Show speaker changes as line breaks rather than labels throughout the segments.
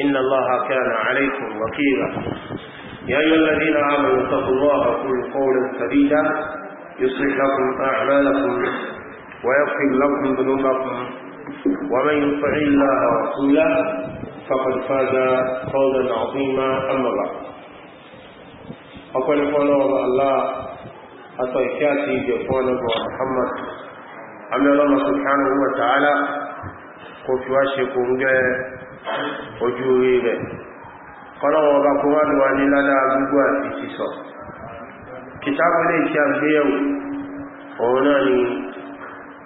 إن الله كان عليكم وكيلا يا أيها الذين آمنوا اتقوا الله وقولوا قولا سديدا يصلح لكم أعمالكم ويغفر لكم ذنوبكم ومن يطع الله ورسوله فقد فاز فوزا عظيما أما بعد أقول قول الله أتركاتي جفوانا محمد ان الله سبحانه وتعالى قلت واشكم به ojú orí rẹ̀ kọ́lọ́wọ́ ọba kó wá lọ́wọ́ ní ládàá gbogbo àti sísọ kìtàbù lè kí a gbéyàwó òun náà ni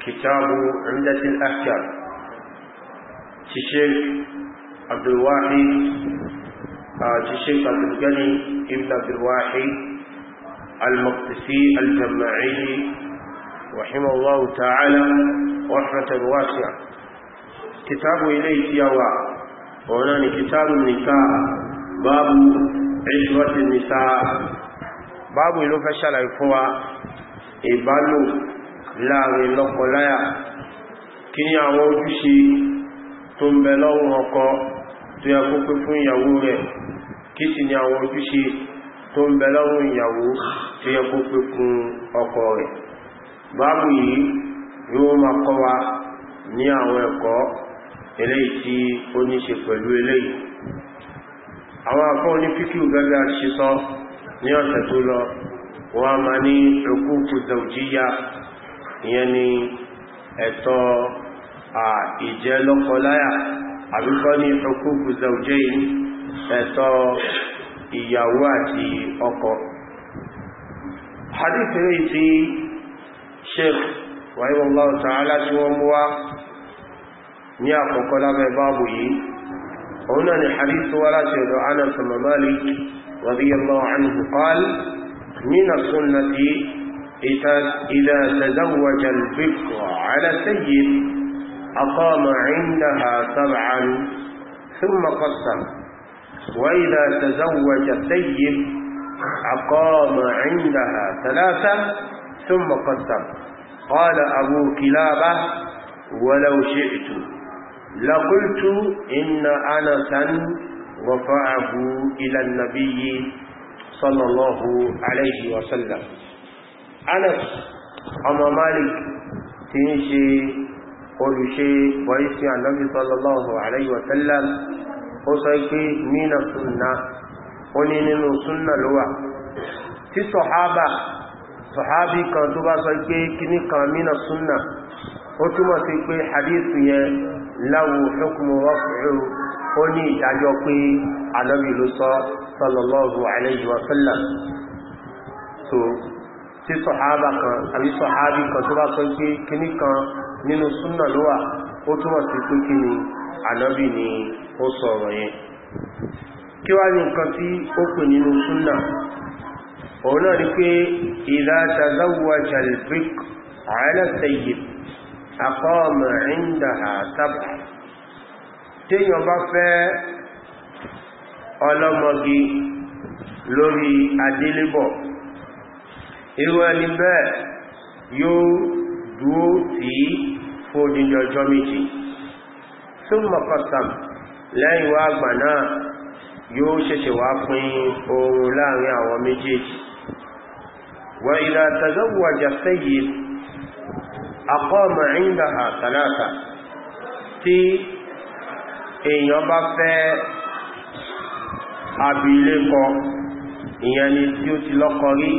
kìtàbù ríndẹ́tìl afghan ti ṣe abdulwahi ti ṣe abdulgani ibn abdulwahi al-maqtisi al-jamma'i رحمه الله تعالى رحمة واسعة كتاب إليه يا وعد ọ̀nà ni kìtàbù nìká báàbù ẹ̀ṣùwọ́tì nìká báàbù ìlú fẹ́ ṣàlàyé fún wa ìbálò láàrin lọ́kọláyà kí ní àwọn ojúṣe tó ń bẹ lọ́rùn ọkọ tó yẹ kó pé fún ìyàwó rẹ̀ kí sì ní àwọn ojúṣe àwọn ẹ̀kọ́ eléyìí tí ó ní ṣe pẹ̀lú eléyìí àwọn afọ́ ní fíkíù gẹ́gẹ́ ṣe sọ ní ma tó lọ wọ́n a ní ìyẹn ni ẹ̀tọ́ ìjẹ́ lọ́kọláyà àbíkọ́ ní òkúkú zaujiyin ẹ̀tọ́ ìyàwó àti ọkọ hadith sheikh wáyé wọn lọ́wọ́ tààlá mú ní àkọ́kọ́ lábẹ́ báàbù yìí òun náà ni hadithu wá láti ọ̀dọ̀ anas mamalik radiyallahu anhu qal min as-sunnati idha tazawwaja al-bikru ala sayyid aqama 'indaha sab'an thumma qassam wa idha tazawwaja sayyid aqama 'indaha thalatha thumma qassam قال أبو كلابة ولو شئت لقلت إن أنسا رفعه إلى النبي صلى الله عليه وسلم أنس أما مالك تنشي قلشي ويسي عن النبي صلى الله عليه وسلم قصيكي من السنة قلن السنة لوا في صحابة صحابي كان تبا صيكي كني كان من السنة وتما سيكي حديث يه láwù hukumu rọ́fù ó ní ìdájọ́ pé anábì ló sọ sallallahu tí sọ̀hábà kan àbí sọ̀hábì kan tó bá sọ pé kíní kan nínú súnà ló wà ó túnmọ̀ sí pé kí ni ni ó ọ̀rọ̀ yẹn kí wá ní nǹkan tí ó pè nínú súnà òun náà ni pé àkọ́ọ̀mọ̀ ìndàhà sábà téèyàn bá fẹ́ ọlọ́mọgi lórí adélébọ̀ irú ẹni bẹ́ẹ̀ yóò dúó tí fòdíjọ ọjọ́ méjì tó mọ̀kọ̀tàm lẹ́yìn wá àgbà náà yóò ṣẹ̀ṣẹ̀ wá pín oòrùn láàrin àwọn méjèèjì wọ́n ìlà tàzọ́wọ́ àjàfẹ́ àkọ́ọ̀mù ìndàhà tàlátà tí èèyàn bá fẹ́ àbílékọ ìyẹn ni tí ó ti lọ́kọ rí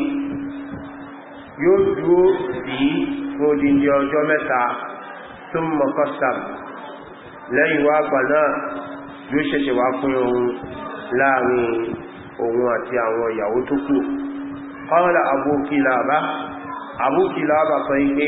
yóò dúó sí odindi ọjọ́ mẹ́ta tó mọ̀ kọ́sàm lẹ́yìn wá gbà náà yóò ṣẹ̀ṣẹ̀ wá fún ohun láàrin ohun àti àwọn ìyàwó tó kù kọ́ọ̀lá abúkìlàbá abúkìlàbá sọ ipé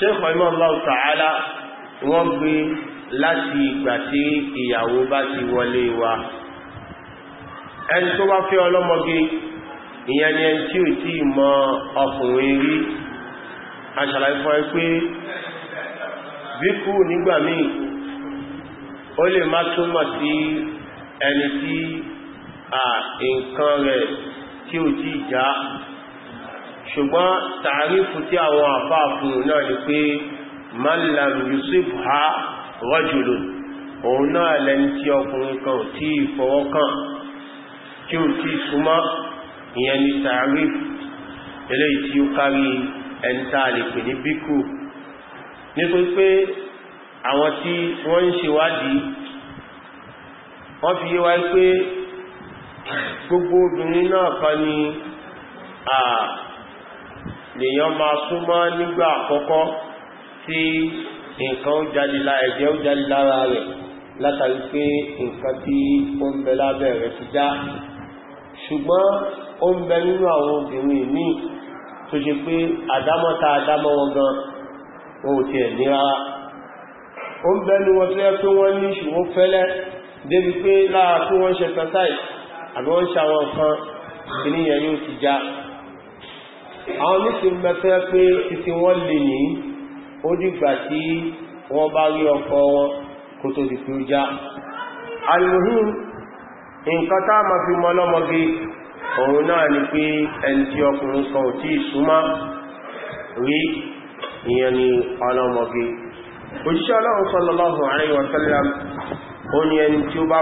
sheikh imam allahu ta'ala wọ́n gbé láti ìgbà tí ìyàwó bá ti wọlé wa ẹni tó bá fẹ́ ọlọ́mọge ìyẹn ni ẹni tí ò tí mọ ọkùnrin rí aṣàlàyé pé bíkú nígbà míì ó lè má túnmọ̀ sí ẹni tí nǹkan rẹ̀ tí ò tí já ṣùgbọ́n tààrífù tí àwọn àfáàfún náà ni pé malam yusuf ha rajulun òun náà lẹni tí ọkùnrin kan tí ìfọwọ́kàn tí ó tí súnmọ́ ìyẹn ni tààrífù eléyìí tí ó kárí ẹntà lè ní bíkù nítorí pé àwọn tí wọ́n ń ṣe wádìí wọ́n fi yé pé gbogbo obìnrin náà kan ni lèyàn máa súnmọ́ nígbà àkọ́kọ́ tí nǹkan ó jalila ẹ̀jẹ̀ ó jalila ara rẹ̀ látàrí pé nǹkan tí ó ń bẹ lábẹ́ rẹ̀ ti já ṣùgbọ́n ó ń bẹ nínú àwọn obìnrin míì tó ṣe pé àdámọ́ta àdámọ́ wọn gan ohun ti ẹ̀ nira ó ń bẹ́nu wọn tó yẹ pé wọ́n ní ṣùgbọ́n fẹ́lẹ́ débi pé lára tí wọ́n ṣe tàtàì àbí wọ́n ṣàwọn nǹkan ìníyàn yóò ti já àwọn oníṣẹ́ mẹ́fẹ́ pé títí wọ́n lè ní ó dìgbà tí wọ́n bá rí ọkọ wọn kò tó di pé ó já alìmòhìn nǹkan tá ma fi mọ́ lọ́mọge òun náà ni pé ẹni tí ọkùnrin kan ò tí ìsúnmá rí ìyẹn ni ọlọ́mọge òṣìṣẹ́ ọlọ́run sallallahu alaihi wa sallam ó ní ẹni tí ó bá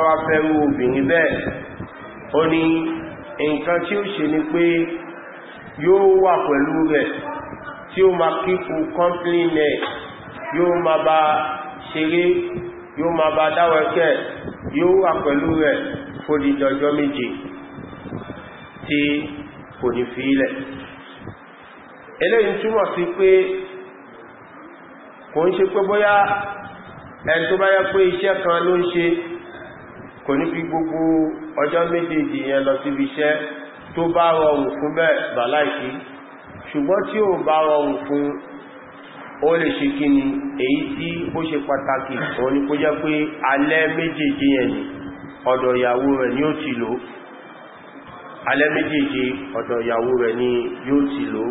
wá yóò wà pẹ̀lú rẹ̀ tí ó ma kíkù kọ́ńpínlẹ̀ yóò ma bá ṣeré yóò ma bá dáwẹ́kẹ́ yóò wà pẹ̀lú rẹ̀ fòdìdọ̀jọ́ méje tí kò ní fi ilẹ̀ eléyìn túnmọ̀ sí pé kò ń ṣe pé bóyá ẹn tó bá yẹ pé iṣẹ́ kan ló ń ṣe kò ní fi gbogbo ọjọ́ méjèèjì yẹn lọ síbi iṣẹ́ tó bá rọrùn fún bẹ́ẹ̀ bà láìsí ṣùgbọ́n tí ó bá rọrùn fún ó lè ṣe kí ni èyí tí ó ṣe pàtàkì òun ni kó jẹ́ pé alẹ́ méjèèjì yẹn ni ọ̀dọ̀ ìyàwó rẹ̀ ni ó ti lò alẹ́ méjèèjì ọ̀dọ̀ ìyàwó rẹ̀ ni yóò ti lò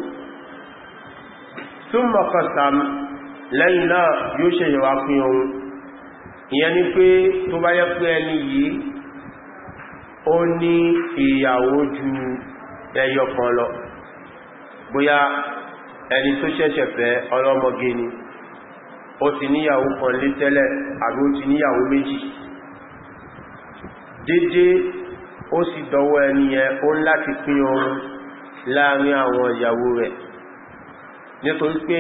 tún mọ̀kànsàm lẹ́yìn náà yóò ṣe ìwà pín ohun ìyẹn ni pé tó bá yẹ pé ẹni yìí ó ní ìyàwó ju ẹyọ kan lọ bóyá ẹni tó ṣẹ̀ṣẹ̀ fẹ́ ọlọ́mọge ni ó ti níyàwó kan lé tẹ́lẹ̀ àbí ó ti níyàwó méjì dédé ó sì dọwọ́ ẹni ẹ ó láti pín oorun láàrin àwọn ìyàwó rẹ̀ nítorí pé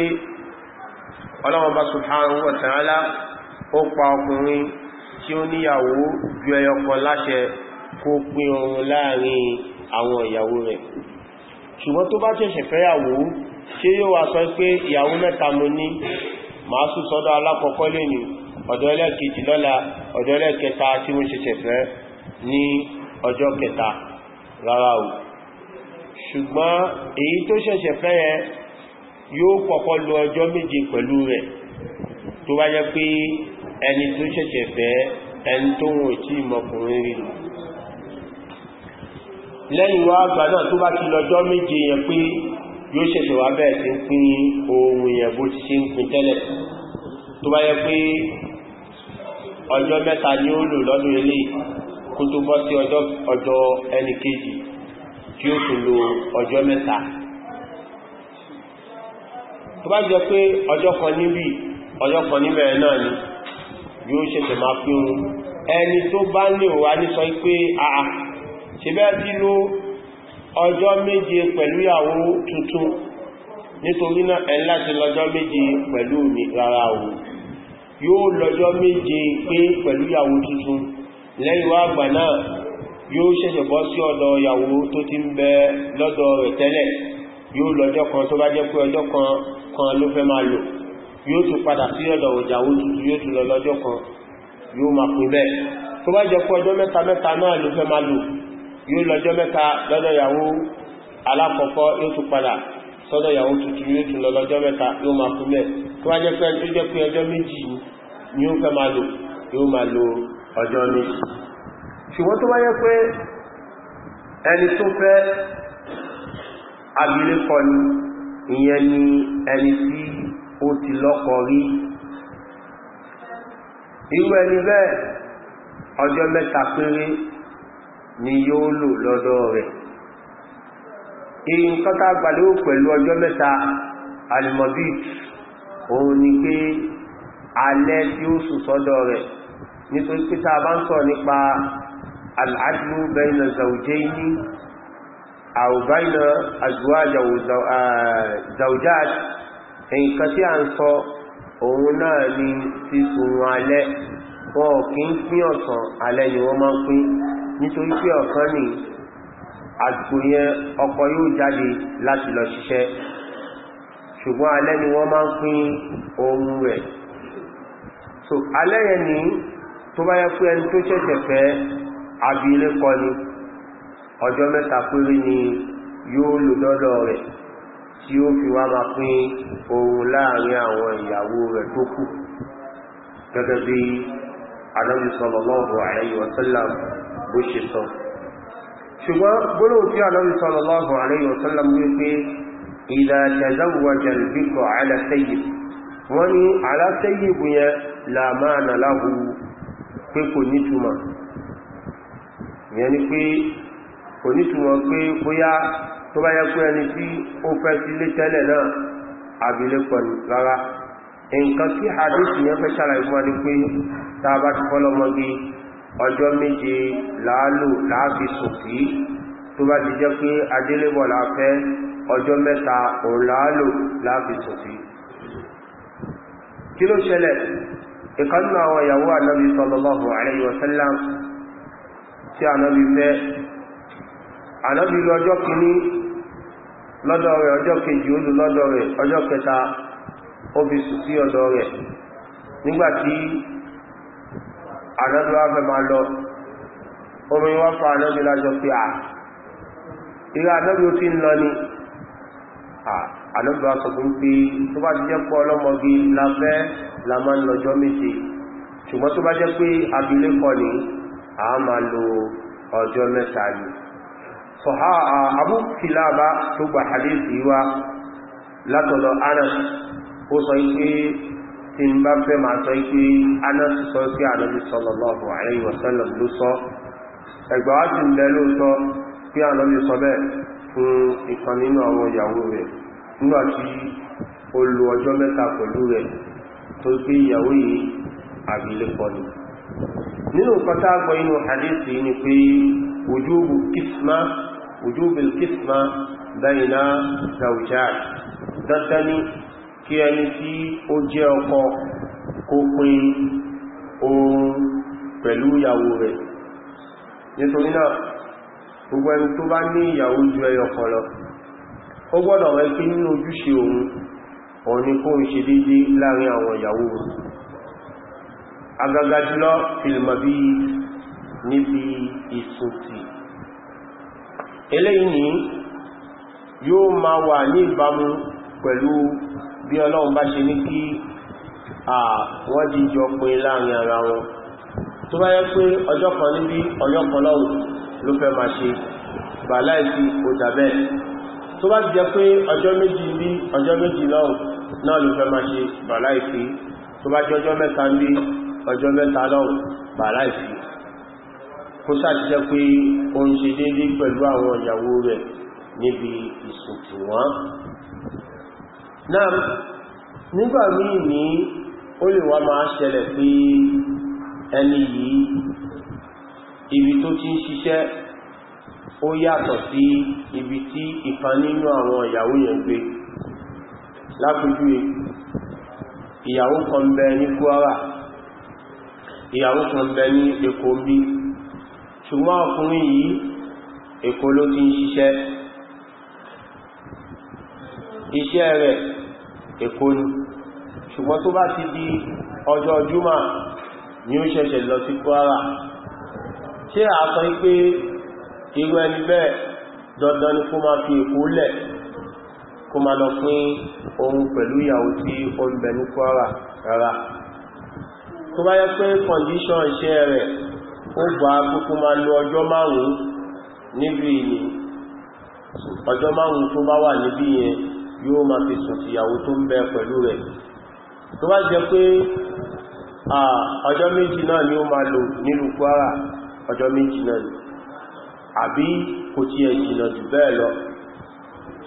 ọlọ́wọ́ba subhanahu wa ta'ala ó pa ọkùnrin tí ó níyàwó ju ẹyọkan láṣẹ kó pín oorun láàrin àwọn ìyàwó rẹ̀ ṣùgbọ́n tó bá ṣẹ̀ṣẹ̀ fẹ́yàwó ṣé yóò wá sọ pé ìyàwó mẹ́ta mo ní màá sùn sọ́dọ̀ alákọ̀ọ́kọ́ lẹ́nu ọ̀dọ̀ ẹlẹ́kejì lọ́la ọ̀dọ̀ ẹlẹ́kẹta tí mo ṣẹ̀ṣẹ̀ fẹ́ ní ọjọ́ kẹta rárá o ṣùgbọ́n èyí tó ṣẹ̀ṣẹ̀ fẹ́ yẹn yóò kọ́kọ́ lo ọjọ́ méje pẹ̀lú rẹ̀ tó bá jẹ́ pé ẹni tó ṣẹ̀ṣẹ̀ fẹ́ ẹni tó wọn tí ìmọkùnrin rí lẹ́yìn wá àgbà náà tó bá ti lọ́jọ́ méje yẹn pé yóò ṣẹ̀ṣẹ̀ wá bẹ́ẹ̀ sí ń pín ohun yẹn bó ti ṣe ń pín tẹ́lẹ̀ tó bá yẹ pé ọjọ́ mẹ́ta ni ó lò lọ́dún ilé kó tó bọ́ sí ọjọ́ ẹni kejì tí ó tún lo ọjọ́ mẹ́ta tó bá jẹ́ pé ọjọ́ kan níbi ọjọ́ kan níbẹ̀rẹ̀ náà ni yóò ṣẹ̀ṣẹ̀ máa pín ohun ẹni tó bá ní òwà ní sọ pé àà ṣe bẹ́ sí ló ọjọ́ méje pẹ̀lú ìyàwó tuntun nítorí náà ẹ̀lá ti lọ́jọ́ méje pẹ̀lú rárá o yóò lọ́jọ́ méje pé pẹ̀lú ìyàwó tuntun lẹ́yìn wá àgbà náà yóò ṣẹ̀ṣẹ̀ bọ́ sí ọ̀dọ̀ ìyàwó tó ti ń bẹ lọ́dọ̀ rẹ̀ tẹ́lẹ̀ yóò lọ́jọ́ kan tó bá jẹ́ pé ọjọ́ kan kan ló fẹ́ máa lò yóò tún padà sí ọ̀dọ̀ ìyàwó tuntun yóò tún lọ lọ́jọ́ kan yóò máa pín bẹ́ẹ̀ tó bá jẹ́ pé ọjọ́ mẹ́ta mẹ́ta náà ló fẹ́ máa lò yóò lọ́jọ́ mẹ́ta lọ́dọ̀ ìyàwó alákọ̀ọ́kọ́ yóò tún padà sọ́dọ̀ ìyàwó tuntun yóò tún lọ lọ́jọ́ mẹ́ta yóò máa kú mẹ́ tó wá jẹ́ pé tó jẹ́ pé ọjọ́ méjì ni ó fẹ́ máa lò yóò máa lo ọjọ́ méjì ṣùgbọ́n tó wá jẹ́ pé ẹni tó fẹ́ abilékọ ni ìyẹn ni ẹni tí ó ti lọ́kọ rí irú ẹni bẹ́ẹ̀ ọjọ́ mẹ́ta péré ni yóò lò lọ́dọ̀ rẹ̀ nǹkan tá gbàlérò pẹ̀lú ọjọ́ mẹ́ta alimobit òun ni pé alẹ́ tí ó sùn sọ́dọ̀ rẹ̀ nítorí pé tá bá ń sọ nípa al'adlu bẹ́ẹ̀nà zaujaini àwòbáìnà àjúwà zaujaj nǹkan tí a ń sọ òun náà ni sísun alẹ́ wọn kì í pín ọ̀sán alẹ́ ni wọ́n máa ń pín nítorí pé ọ̀kan ní àsìkò yẹn ọkọ̀ yóò jáde láti lọ ṣiṣẹ́ ṣùgbọ́n alẹ́ ni wọ́n máa ń pín ohun rẹ̀ so alẹ́ yẹn ní tó bá yẹ pé ẹni tó ṣẹ̀ṣẹ̀ fẹ́ abilé kọ ni ọjọ́ mẹ́ta péré ni yóò lò lọ́dọ̀ rẹ̀ tí ó fi wá máa pín ohun láàrin àwọn ìyàwó rẹ̀ tó kù gẹ́gẹ́ bí anábìsọ̀lọ́lọ́ọ̀bọ̀ àyẹ̀yọ̀ sẹ́lẹ̀mù bó ṣe sọ ṣùgbọ́n gbólóhùn tí ànábì sallallahu alayhi wa sallam wípé idha tazawwaja al-bikru ala sayyib wọ́n ní ala sayyib yẹn la ma'na lahu pé kò nítumọ̀ ìyẹn ni pé kò nítumọ̀ pé bóyá tó bá yẹ pé ẹni tí ó fẹ́ sílé tẹ́lẹ̀ náà ọjọ́ méje láàlò láàfi sòkí tó bá ti jẹ́ pé adélébọ̀ láfẹ́ ọjọ́ mẹ́ta òun láàlò láàfi sòkí kí ló ṣẹlẹ̀ ìkanú àwọn ìyàwó ànábi sallallahu alayhi tí ànábi fẹ́ ànábi lọ kìíní lọ́dọ̀ rẹ̀ ọjọ́ ànábì wá fẹ́ máa lọ omi wọ́n fa ànábì lájọ pé à ìrà ànábì ó ti ń lọ ni ànábì wá sọ fún pé tó bá ti jẹ́ pọ́ ọlọ́mọge lábẹ́ la máa ń lọ́jọ́ méje ṣùgbọ́n tó bá jẹ́ pé abilékọ ni a máa lo ọjọ́ mẹ́ta tí n bá fẹ́ máa sọ pé anas sọ pé ànábi sallallahu alaihi wasallam ló sọ ẹgbà wá sì ń bẹ lóòótọ́ pé ànábi sọ bẹ́ẹ̀ fún ìkan nínú àwọn ìyàwó rẹ̀ nígbà tí ó lo ọjọ́ mẹ́ta pẹ̀lú rẹ̀ tó pé ìyàwó yìí àbílẹ̀kọ ni nínú nǹkan inú hadith yìí ni pé wujubu kisma wujubu kisma bayna zawjat dandan kí ẹni tí ó jẹ́ ọkọ kó pín oorun pẹ̀lú ìyàwó rẹ̀ nítorí náà gbogbo ẹni tó bá ní ìyàwó ju ẹyọ kan lọ ó gbọ́dọ̀ rẹ̀ kí nínú ojúṣe òun òun kó ń ṣe dédé láàrin àwọn ìyàwó rẹ̀ agaga níbi ìsòtì eléyìí yóò máa wà ní ìbámu pẹ̀lú bí ọlọ́run bá ṣe ní kí wọ́n jíjọ pé láàrin ara wọn tó bá yẹ pé ọjọ́ kan níbi ọjọ́ kan lọ́run ló fẹ́ máa ṣe bà láìsí òdà bẹ́ẹ̀ tó bá jẹ pé ọjọ́ méjì níbi ọjọ́ méjì lọ́run náà ló fẹ́ máa ṣe bà láìsí náà nígbà míì ní ó lè wá máa ṣẹlẹ̀ pé ẹni yìí ibi tó ti ń ṣiṣẹ́ ó yàtọ̀ sí ibi tí ìkan nínú àwọn ìyàwó yẹn gbé lápójúwe ìyàwó kan bẹ ní Kwara ìyàwó kan bẹ ní Èkó bí ṣùgbọ́n ọkùnrin yìí Èkó ló ti ń ṣiṣẹ́ iṣẹ́ rẹ̀ èkó ní ṣùgbọ́n tó bá ti di ọjọ́ júmà ní ó ṣẹ̀ṣẹ̀ lọ sí Kwara ṣe àkọ́ pé irú ẹni bẹ́ẹ̀ dandan ni kó máa fi èkó lẹ̀ kó máa lọ pín ohun pẹ̀lú ìyàwó tí ó ń bẹ ní Kwara rárá tó bá yẹ pé kọndíṣọ́n iṣẹ́ rẹ̀ ó gbà kókó máa lo ọjọ́ márùn-ún níbi ìní ọjọ́ márùn-ún tó bá wà níbi yẹn yóò máa fi sùn tìyàwó tó ń bẹ pẹ̀lú rẹ̀ tó bá jẹ́ pé ọjọ́ méjì náà ni ó máa lò nílùú Kwara ọjọ́ méjì náà ni àbí kò tiẹ̀ jìnà jù bẹ́ẹ̀ lọ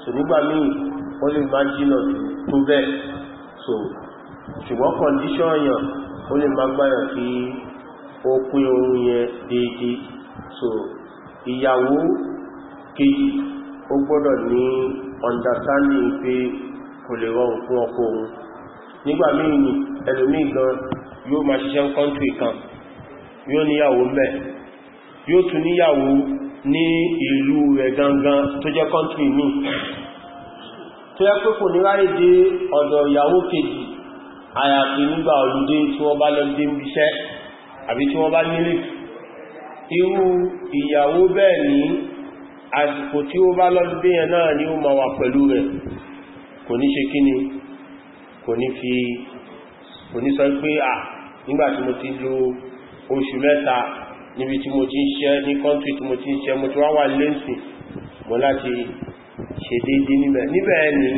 so nígbà míì wọ́n lè máa jìnà jù tó bẹ́ẹ̀ so ṣùgbọ́n kọndíṣọ́n yàn ó lè máa gbáyàn kí ó pín oorun yẹn déédé so ìyàwó kejì ó gbọ́dọ̀ ní understanding pé kò lè rọrùn fún ọkọ òun nígbà míì ni ẹlòmíì gan yóò máa ṣiṣẹ́ country kan yóò níyàwó mẹ́ yóò tún níyàwó ní ìlú rẹ̀ gangan tó jẹ́ country míì tó yẹ pé kò ní ráyè dé ọ̀dọ̀ ìyàwó kejì àyàfi nígbà olùdé tí wọ́n bá lọ́dé ń bíṣẹ́ àbí tí wọ́n bá nílé irú ìyàwó bẹ́ẹ̀ ní àsìkò tí ó bá lọ́dún bí yẹn náà ni ó ma wà pẹ̀lú rẹ̀ kò ní ṣe kí ni kò ní fi kò ní sọ pé à nígbàtí mo ti lo oṣù mẹ́ta níbi tí mo ti ń ṣẹ́ ní kọ́ntù tí mo ti ń ṣẹ́ mo ti wá wà lẹ́sì mo láti ṣe déédé níbẹ̀ níbẹ̀ ni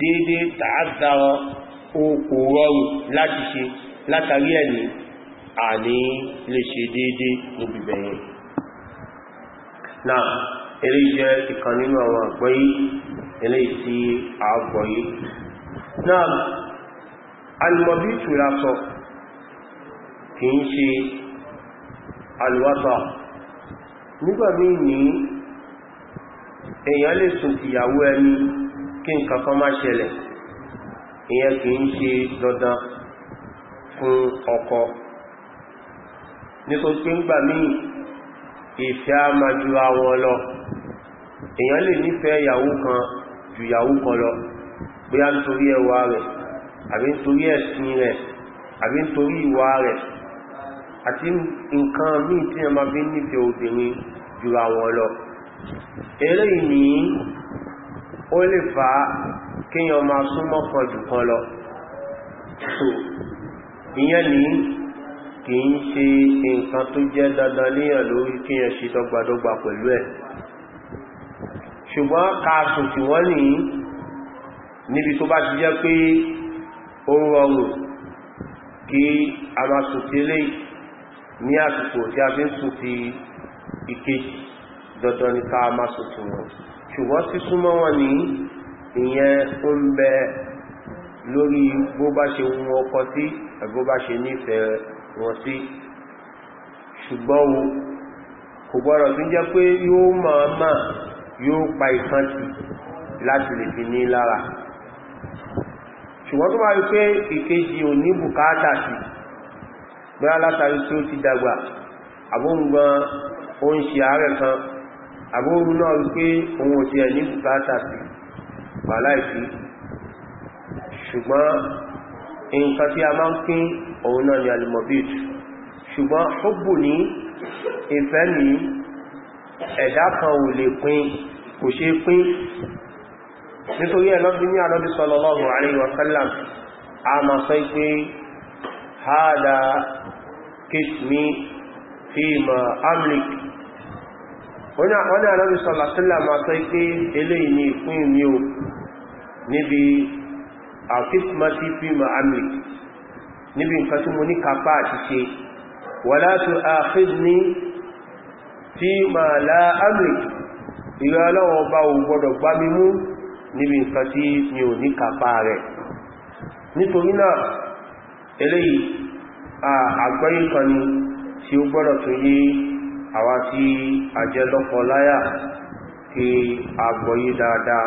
déédé tààdà ilé jẹ́ ìkan nínú àwọn àgbọ́yí ilé tí a gbọ́yí náà alìmọ̀bí ìtùlásọ kì ń ṣe alìwátà nígbàmí ní èèyàn lè sùn tìyàwó ẹni kí nǹkan kan má ṣẹlẹ̀ ìyẹn kì ń ṣe dandan fún ọkọ nítorí pé ń gbà ìfẹ́ a máa jura wọn lọ èèyàn lè nífẹ̀ẹ́ ìyàwó kan ju ìyàwó kan lọ pé a ń torí ẹwà rẹ̀ àbí ń torí ẹ̀sìn rẹ̀ àbí ń torí ìwà rẹ̀ àti nǹkan míì tí a máa fi nífẹ̀ẹ́ obìnrin jura wọn lọ eléyìí ní ó lè fa kíyàn máa súnmọ́ kan jù kan lọ ìyẹn ní kìí ṣe nǹkan tó jẹ́ dandan léyàn lórí kíyàn ṣe dọ́gbadọ́gba pẹ̀lú ẹ̀ ṣùgbọ́n káàsùn tí wọ́n ní níbi tó bá ti jẹ́ pé ó rọrùn kí a máa sùn tí lè ní àsìkò tí a fi ń sùn ti ìkejì dandan ní ká máa sùn tí wọ́n ṣùgbọ́n sísúnmọ́ wọn ní ìyẹn ó ń bẹ lórí bó bá ṣe wọn ọkọ sí ẹgbó bá ṣe nífẹ̀ẹ́ wọn sí ṣùgbọ́n kò gbọ́dọ̀ tún jẹ́ pé yóò máa máa yóò pa ìtàn tì láti lè fi ní lára ṣùgbọ́n tó bá rí pé ìkejì ò ní bùkátà sí gbẹ́ alátàrí tí ó ti dàgbà àbóǹgbọ́n ó ń ṣe àárẹ̀ kan àbóòrùn náà rí pé ohun òtí ní bùkátà sí pàláìsí ṣùgbọ́n nǹkan tí a máa ń pín òun náà ni alimobitu ṣùgbọ́n ó bù ní ìfẹ́ nìí ẹ̀dá kan ò lè pín kò ṣe pín nítorí ẹ̀lọ́bí ní àlọ́bí sallallahu alaihi wasallam a ma sọ pé hada kìsmi fi ma amlik wọ́n ni àlọ́bí sallallahu alaihi wasallam ma sọ pé eléyìí ni ìpín mi o níbi àkísmati fi amlik níbi nǹkan tí mo ní kapa àti ṣe wala tu'akhidni tí ma la amlik ìrẹ́ ọlọ́run ọba o gbọdọ̀ gbá mi mú níbi nǹkan tí mi ò ní kàpá rẹ̀ nítorí náà a kan ni tí ó gbọ́dọ̀ tó yí àwa tí àjẹ́ lọ́pọ̀ láyà tí àgbọ́yé dáadáa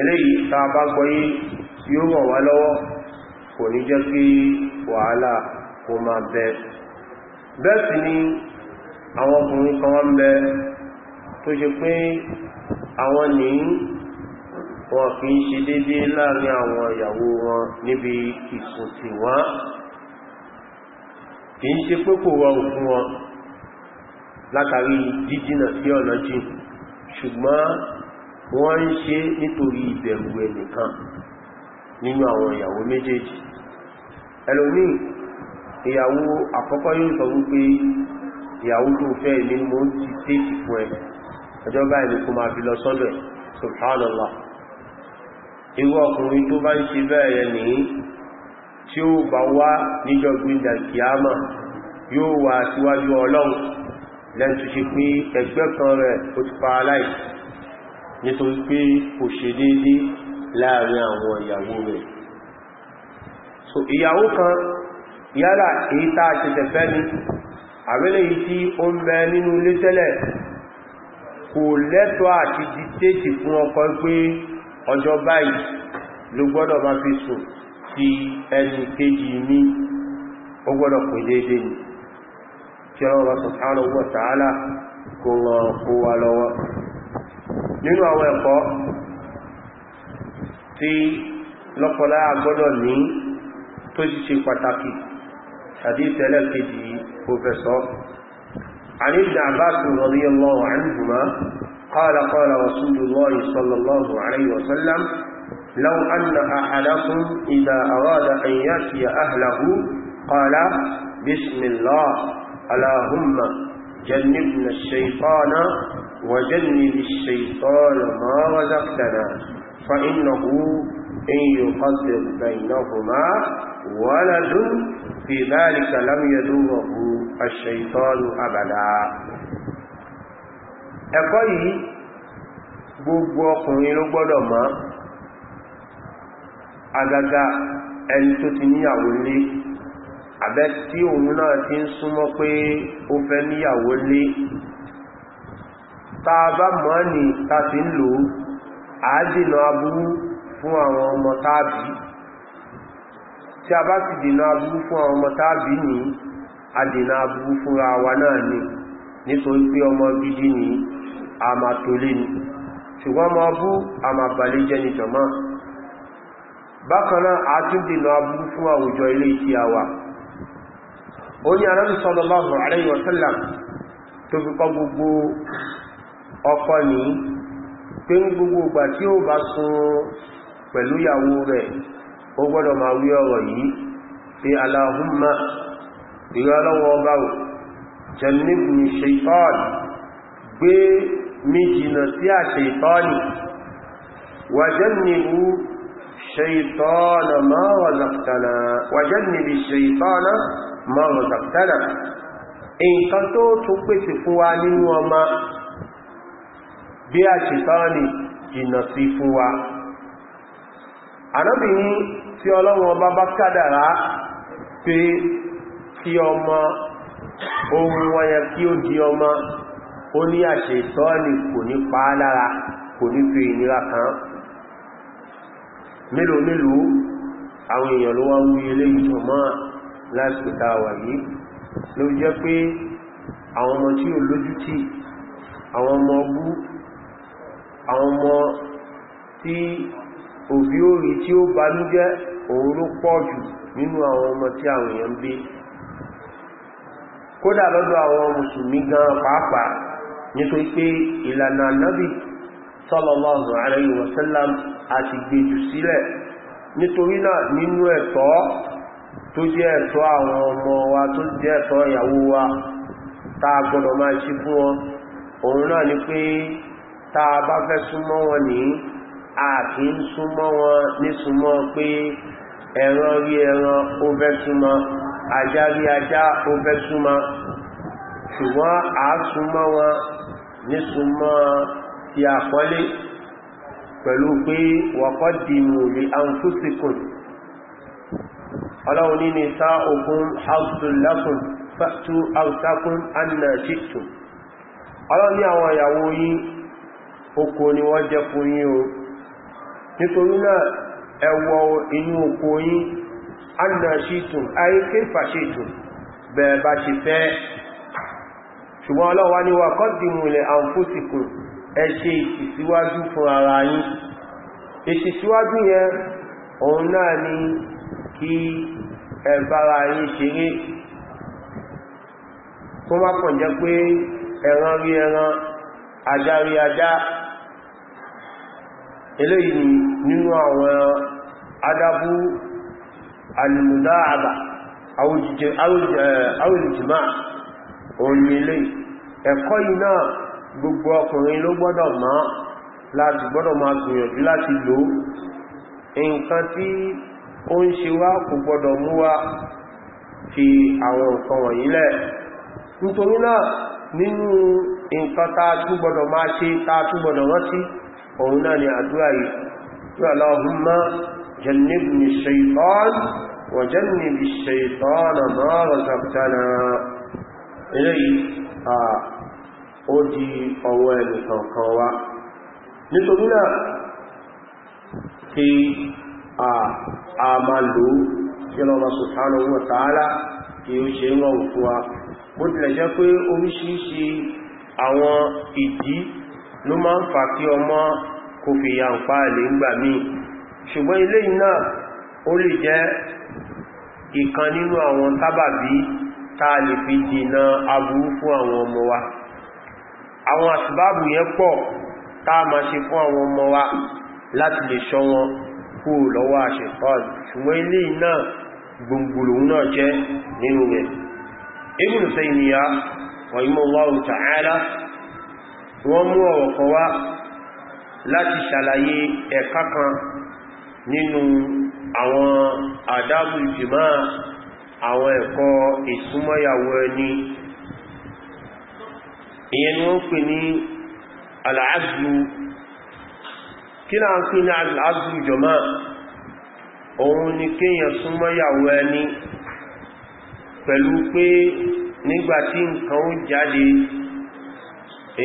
eléyìí tá bá gbọ́yé yóò rọ̀ wá lọ́wọ́ kò ní jẹ́ wàhálà kò máa bẹ bẹ́ẹ̀ sì ni àwọn ọkùnrin kan wọ́n bẹ tó ṣe pé àwọn ní wọn kì í ṣe dédé láàrin àwọn ìyàwó wọn níbi ìsòtì wọn kì ṣe pé kò rọrùn fún wọn látàrí jíjìnà sí ọ̀nà jìn ṣùgbọ́n wọ́n ń ṣe nítorí ìbẹ̀rù ẹnìkan nínú àwọn ìyàwó méjèèjì ẹlòmíì ìyàwó àkọ́kọ́ yóò sọ wípé ìyàwó tó fẹ́ ní mo ń ti tẹ́ ìfún ẹ ọjọ́ báyìí kò máa fi lọ sọ́dọ̀ ẹ̀ subhanallah irú ọkùnrin tó bá ń ṣe bẹ́ẹ̀ ní tí ó bá wá níjọ́ gbíndà kìámà yóò wà síwájú ọlọ́run ìyàwó kan yálà èyí tá a ni àwẹ́lẹ̀ yìí tí ó ń bẹ nínú ilé tẹ́lẹ̀ kò lẹ́tọ́ àti dìtẹ́tì fún ọkọ pé ọjọ́ báyìí ló gbọ́dọ̀ máa fi sùn ti ẹni kejì ní ó gbọ́dọ̀ pè déédé ni kí ọlọ́rọ̀ wa ta'ala kò ràn kó wa lọ́wọ́ nínú àwọn ẹ̀kọ́ tí lọ́pọ̀lá gbọ́dọ̀ ní tó sì ṣe pàtàkì حديث الكجي بروفيسور عن ابن عباس رضي الله عنهما قال قال رسول الله صلى الله عليه وسلم لو أن أحدكم إذا أراد أن يأتي أهله قال بسم الله اللهم جنبنا الشيطان وجنب الشيطان ما رزقتنا فإنه إن يقدر بينهما ولد في ذلك لم يدوره الشيطان أبدا ẹ̀kọ́ yìí gbogbo ọkùnrin ló gbọ́dọ̀ mọ̀ àgàgà ẹni tó ti níyàwó lé àbẹ́ tí òun náà ti ń súnmọ́ pé ó fẹ́ níyàwó lé ta bá mọ́ ní ta ti ń lò ájìnà aburú fún àwọn ọmọ tábìí tí a bá sì dènà aburú fún àwọn ọmọ tábí ní adènà aburú fúnra wa náà ni nítorí pé ọmọ gidi ni a máa tolé ni ṣùgbọ́n ọmọ ọbú a máa jẹ́ ni jọmọ́ bákanáà a tún dènà aburú fún àwùjọ ilé ìtí àwà ó ní arábì sallallahu alaihi wasallam tó fi kọ́ gbogbo ó gbọ́dọ̀ máa wí ọ̀rọ̀ yìí pé aláhùnmá ìrọlọ́wọ́ ọba ò jẹ́nìbìnì ṣeìtọ́ọ̀nì gbé mi jìnà sí àṣeìtọ́ọ̀nì wà jẹ́nìbù ṣeìtọ́ọ̀nà mọ́rọ̀ zaftana nǹkan tó tún pèsè fún wa nínú ọmọ bí àṣeìtọ́ọ̀nì jìnà sí fún wa ànábì ní tí ọlọ́run ọba bá kádàrá pé kí ọmọ ohun wọ́nyẹ kí ó di ọmọ ó ní àṣẹ ìtọ́ọ̀lì kò ní pa á lára kò ní fi ìnira kan mélòó mélòó àwọn èèyàn ló wá ń ilé ìjọmọ́ lásìkò wà yìí ló jẹ́ pé àwọn ọmọ tí ò lójútì àwọn ọmọ ọgbú àwọn ọmọ tí òbí orí tí ó banújẹ́ òun ló pọ̀ jù nínú àwọn ọmọ tí àwọn èèyàn bí kódà lọ́dọ̀ àwọn mùsùlùmí gan pàápàá nítorí pé ìlànà ànábì sallallahu alayhi wa sallam àti gbèjù sílẹ̀ nítorí náà nínú ẹ̀tọ́ tó jẹ́ ẹ̀tọ́ àwọn ọmọ wa tó jẹ́ ẹ̀tọ́ ìyàwó wa ta gbọ́dọ̀ máa ṣe fún ni pé ta bá a kì ń súnmọ́ wọn ní súnmọ́ pé ẹran rí ẹran ó fẹ́ súnmọ́ ajá rí ajá ó fẹ́ súnmọ́ ṣùgbọ́n a súnmọ́ wọn ní súnmọ́ ti àkọlé pẹ̀lú pé wọ̀kọ́ dìmù lè àǹfúsìkùn ọlọ́run ní ní sá ogun haùsùlákùn fàtú haùsákùn anna ṣíktù ọlọ́run ní àwọn ìyàwó yí oko ni wọ́n jẹ́ fún yí o nítorí náà ẹwọ inú oko yín anà ṣìtùn àìké fàṣìtùn bẹ̀rẹ̀ bá ṣe fẹ́ ṣùgbọ́n ọlọ́wà ní wà kọ́dìmù ilẹ̀ àǹfóṣìkùn ẹ ṣe ìtìsíwájú fún ara yín ìtìsíwájú yẹn òun náà ni kí ẹ̀bára yín ṣeré kó má kàn jẹ́ pé ẹran rí ẹran ajá rí ajá eléyìí nínú àwọn adábú alìmùdáàbà àwòjìjìmá òní ilé ẹ̀kọ́ iná gbogbo ọkùnrin ló gbọ́dọ̀ máa láti gbọ́dọ̀ máa gbìyànjú láti lò nǹkan tí ó ń ṣe wá kò gbọ́dọ̀ mú wá fi àwọn nǹkan wọ̀nyí lẹ̀ nítorí náà nínú nǹkan tá máa ṣe tá rántí òun náà ni àdúrà yìí اللهم جنبني الشيطان وجنب الشيطان ما رزقتنا إليه ó di ọwọ́ ẹni kọ̀ọ̀kan wá nítorí náà kí a máa lò kí lọ́wọ́ subhanahu wa ta'ala kí ó ṣe rọ̀ òkú wa bó tilẹ̀ jẹ́ pé oríṣiríṣi àwọn ìdí ló máa ń fà kí ọmọ kó fi ya ń fáàlì ńgbà míì ṣùgbọ́n ilé iná ó lè jẹ́ ìkan nínú àwọn tábàbí táà lè fi dìna aburú fún àwọn ọmọ wa àwọn àṣìbáàbù yẹn pọ̀ táà máa ṣe fún àwọn ọmọ wa láti lè ṣọ́ wọn kú lọ́wọ́ àṣẹ̀fọ́ọ̀dù wọ́n mú ọ̀rọ̀ láti ṣàlàyé ẹ̀ka kan nínú àwọn àdábù ìjìmá àwọn ẹ̀kọ́ ìsúnmọ́yàwó ẹni ìyẹn ni wọ́n pè ní aláàzù kí náà ń pè ní aláàzù ìjọmá òun ni kéèyàn súnmọ́yàwó ẹni pẹ̀lú pé nígbàtí nǹkan ó jáde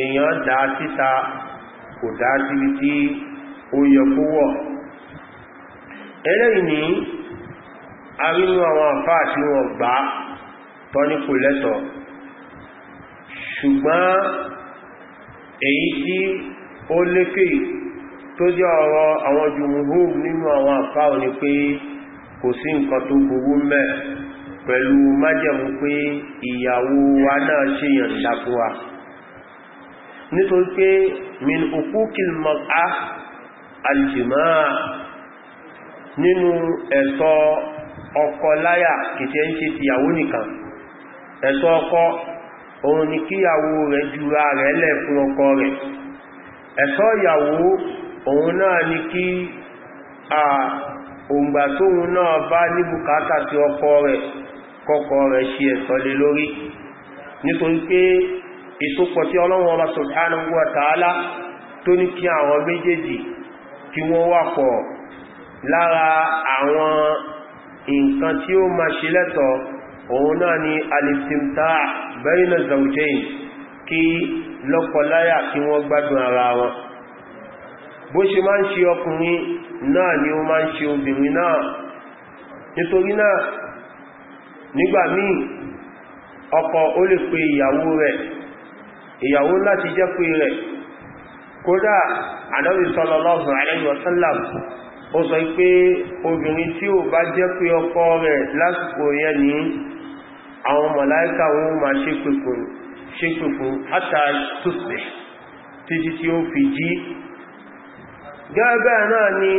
èèyàn dá síta kò dá síbi tí ó yẹ kó wọ̀ eléyìí ní arínú àwọn àfáà tí wọ́n gbá tọ́ ní kò lẹ́tọ̀ ṣùgbọ́n èyí tí ó lékè tó jẹ́ ọ̀rọ̀ àwọn jùmùhùn nínú àwọn àfáà ní pé kò sí nǹkan tó gbogbo mẹ́ pẹ̀lú májẹ̀mú pé ìyàwó wa náà ṣe yàn ìdákúwa nítorí pé min òkúkìl mọ́ká aljìmá nínú ẹ̀tọ́ ọkọ láyà kìtẹ́ ń ṣe ti yàwó nìkan ẹ̀tọ́ ọkọ òun ni kíyàwó rẹ̀ jura rẹ̀ lẹ̀ fún ọkọ rẹ̀ ẹ̀tọ́ ìyàwó òun náà ni kí a òǹgbà tóhun náà bá ní bùkátà sí ọkọ rẹ̀ kọ́kọ rẹ̀ ṣe ẹ̀tọ́ lé lórí nítorí pé ìsopọ̀ tí ọlọ́run ọba subhanahu wa ta'ala tó ní kí àwọn méjèèjì kí wọ́n wà pọ̀ lára àwọn nǹkan tí ó ma ṣe lẹ́tọ̀ òun náà ni alìsìmta bẹ́rìnà zaujain kí lọ́pọ̀láyà kí wọ́n gbádùn ara wọn bó ṣe máa ń ṣe ọkùnrin náà ni ó máa ń ṣe obìnrin náà nítorí náà nígbà míì ọkọ ó lè pe ìyàwó rẹ̀ ìyàwó láti jẹ́ pé rẹ̀ kódà ànábì sallallahu alaihi wasallam ó sọ pé obìnrin tí ó bá jẹ́ pé ọkọ rẹ̀ lásìkò yẹn ní àwọn màláíkà wọn ma ṣépè fún hátà tusbih títí tí ó fi jí gẹ́gẹ́ náà ni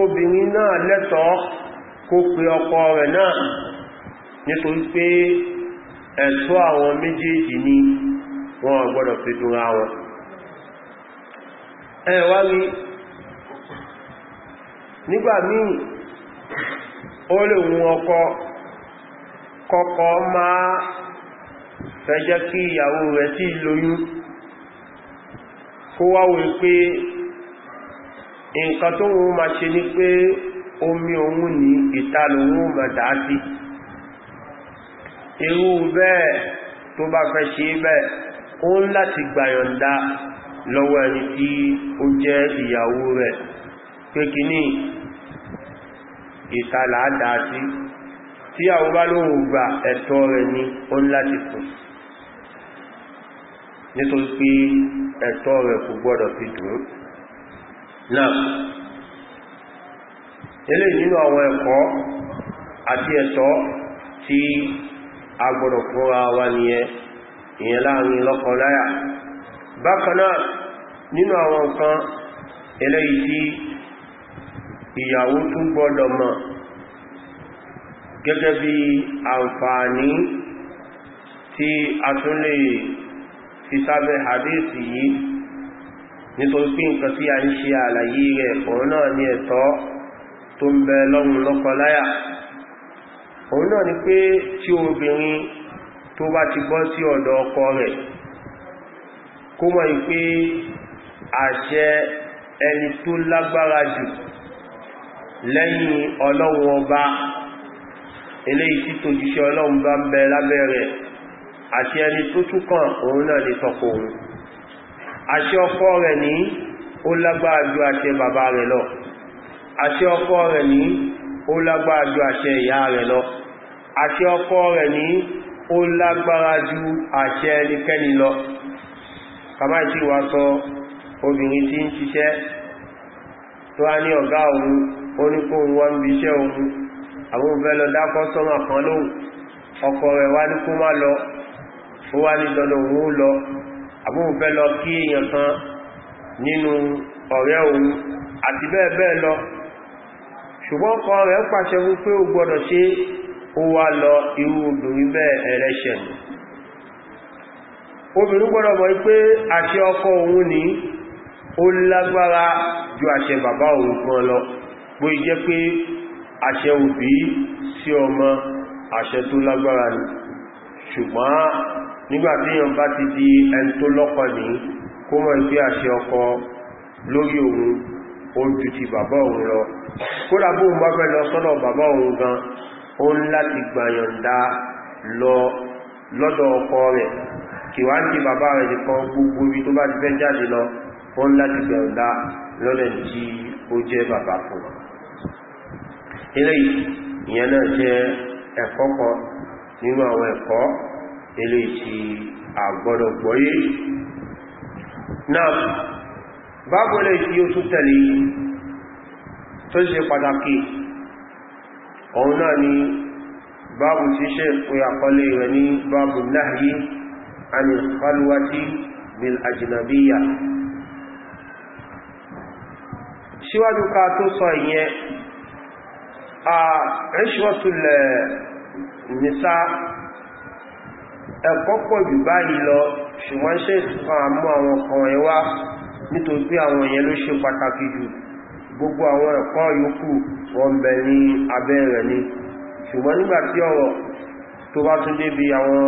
obìnrin náà lẹ́tọ̀ọ́ kó pe ọkọ rẹ̀ náà nítorí pé ẹ̀tọ́ àwọn méjèèjì ni wọ́n gbọ́dọ̀ fi dúnra wọn ẹ wá ní nígbà míì ó lè wù ọkọ kọkọ máa fẹ́ jẹ́ kí ìyàwó rẹ̀ tí lóyún kó wá wé pé nǹkan tó wọ́n ma ṣe ní pé omi ohun ni ìta lòun sí irú bẹ́ẹ̀ tó bá fẹ́ ṣe ó ń láti gbàyọ̀ǹda lọ́wọ́ ẹni tí ó jẹ́ ìyàwó rẹ̀ pé kì ní ìtàlà dáadí tí àwọn bá lóhùn gba ẹ̀tọ́ rẹ̀ ní ó ń láti fún nítorí pé ẹ̀tọ́ rẹ̀ kò gbọ́dọ̀ fi dùn náà ilé nínú àwọn ẹ̀kọ́ àti ẹ̀tọ́ tí a gbọ́dọ̀ fúnra wa nìyẹn ìyẹn láàrin lọ́kọ̀ láyà bákanáà nínú àwọn nǹkan eléyìí tí ìyàwó tún gbọ́dọ̀ mọ̀ gẹ́gẹ́ bí àǹfààní tí a tún lè fi sábẹ́ àdéèsì yìí nítorí pé nǹkan tí a ń ṣe àlàyé rẹ̀ òun náà ní ẹ̀tọ́ tó ń bẹ lọ́rùn lọ́kọláyà òun náà ni pé tí obìnrin tó bá ti bọ́ sí ọ̀dọ̀ ọkọ rẹ̀ kó mọ̀ pé àṣẹ ẹni tó lágbára jù lẹ́yìn ọlọ́run ọba eléyìí tí tòjíṣẹ́ ọlọ́run bá bẹ lábẹ́rẹ̀ àṣẹ ẹni tó túkàn òun náà lè tọ́kọ òun àṣẹ ọkọ rẹ̀ ní ó lágbára ju àṣẹ bàbá rẹ̀ lọ àṣẹ ọkọ rẹ̀ ní ó lágbára ju àṣẹ ìyá rẹ̀ lọ àṣẹ ọkọ rẹ̀ ní ó lágbára ju àṣẹ ẹnikẹ́ni lọ kàmáì tí wà sọ obìnrin tí ń ṣiṣẹ́ tó a ní ọ̀gá òun ó ní kó wọ́n bí iṣẹ́ òun àwọn òfẹ́ lọ dákọ́ sọ́mà kan lóhùn ọkọ rẹ̀ wá ní kó má lọ ó wá ní dandan òun ó lọ àwọn òfẹ́ lọ kí èèyàn kan nínú ọ̀rẹ́ òun àti bẹ́ẹ̀ bẹ́ẹ̀ lọ ṣùgbọ́n ọkọ rẹ̀ pàṣẹ wípé ó gbọ́dọ̀ ṣe ó wá lọ irú obìnrin bẹ́ẹ̀ ẹlẹ́ṣẹ̀ ni obìnrin gbọ́dọ̀ mọ̀ pé àṣẹ ọkọ òun ni ó lágbára ju àṣẹ bàbá òun kan lọ bó jẹ́ pé àṣẹ òbí sí ọmọ àṣẹ tó lágbára ni ṣùgbọ́n nígbàtí èèyàn bá ti di ẹni tó lọ́kọ ní kó mọ̀ ìgbé àṣẹ ọkọ lórí òun ó ju ti bàbá òun lọ kódà bóun bá fẹ́ lọ sọ́dọ̀ bàbá òun gan ó ń láti gbàyànda lọ lọ́dọ̀ ọkọ rẹ̀ kì wá sí bàbá rẹ̀ nìkan gbogbo ibi tó bá ti fẹ́ jáde lọ ó ń láti gbàyànda lọ́dẹ̀ tí ó jẹ́ bàbá fún eléyìí ìyẹn náà jẹ́ ẹ̀kọ́ kan nínú àwọn ẹ̀kọ́ eléyìí tí àgbọ́dọ̀ gbọ́yé náà bábọ̀lẹ̀ òun náà ni báàbù tí ṣe pé àkọlé rẹ̀ ní báàbù nahyi anil khalwati bil ajnabiyya síwájú ká tó sọ ìyẹn a ríṣwọ́tulẹ̀ eh, nìsá ẹ̀kọ́ pọ̀ jù báyìí lọ ṣùgbọ́n ṣe àmú àwọn kan ẹwà nítorí àwọn ìyẹn ló ṣe pàtàkì jù gbogbo àwọn ẹ̀kọ́ yòókù wọ́n bẹ ní abẹ́ rẹ̀ ni ṣùgbọ́n nígbà tí ọ̀rọ̀ tó bá tún débi àwọn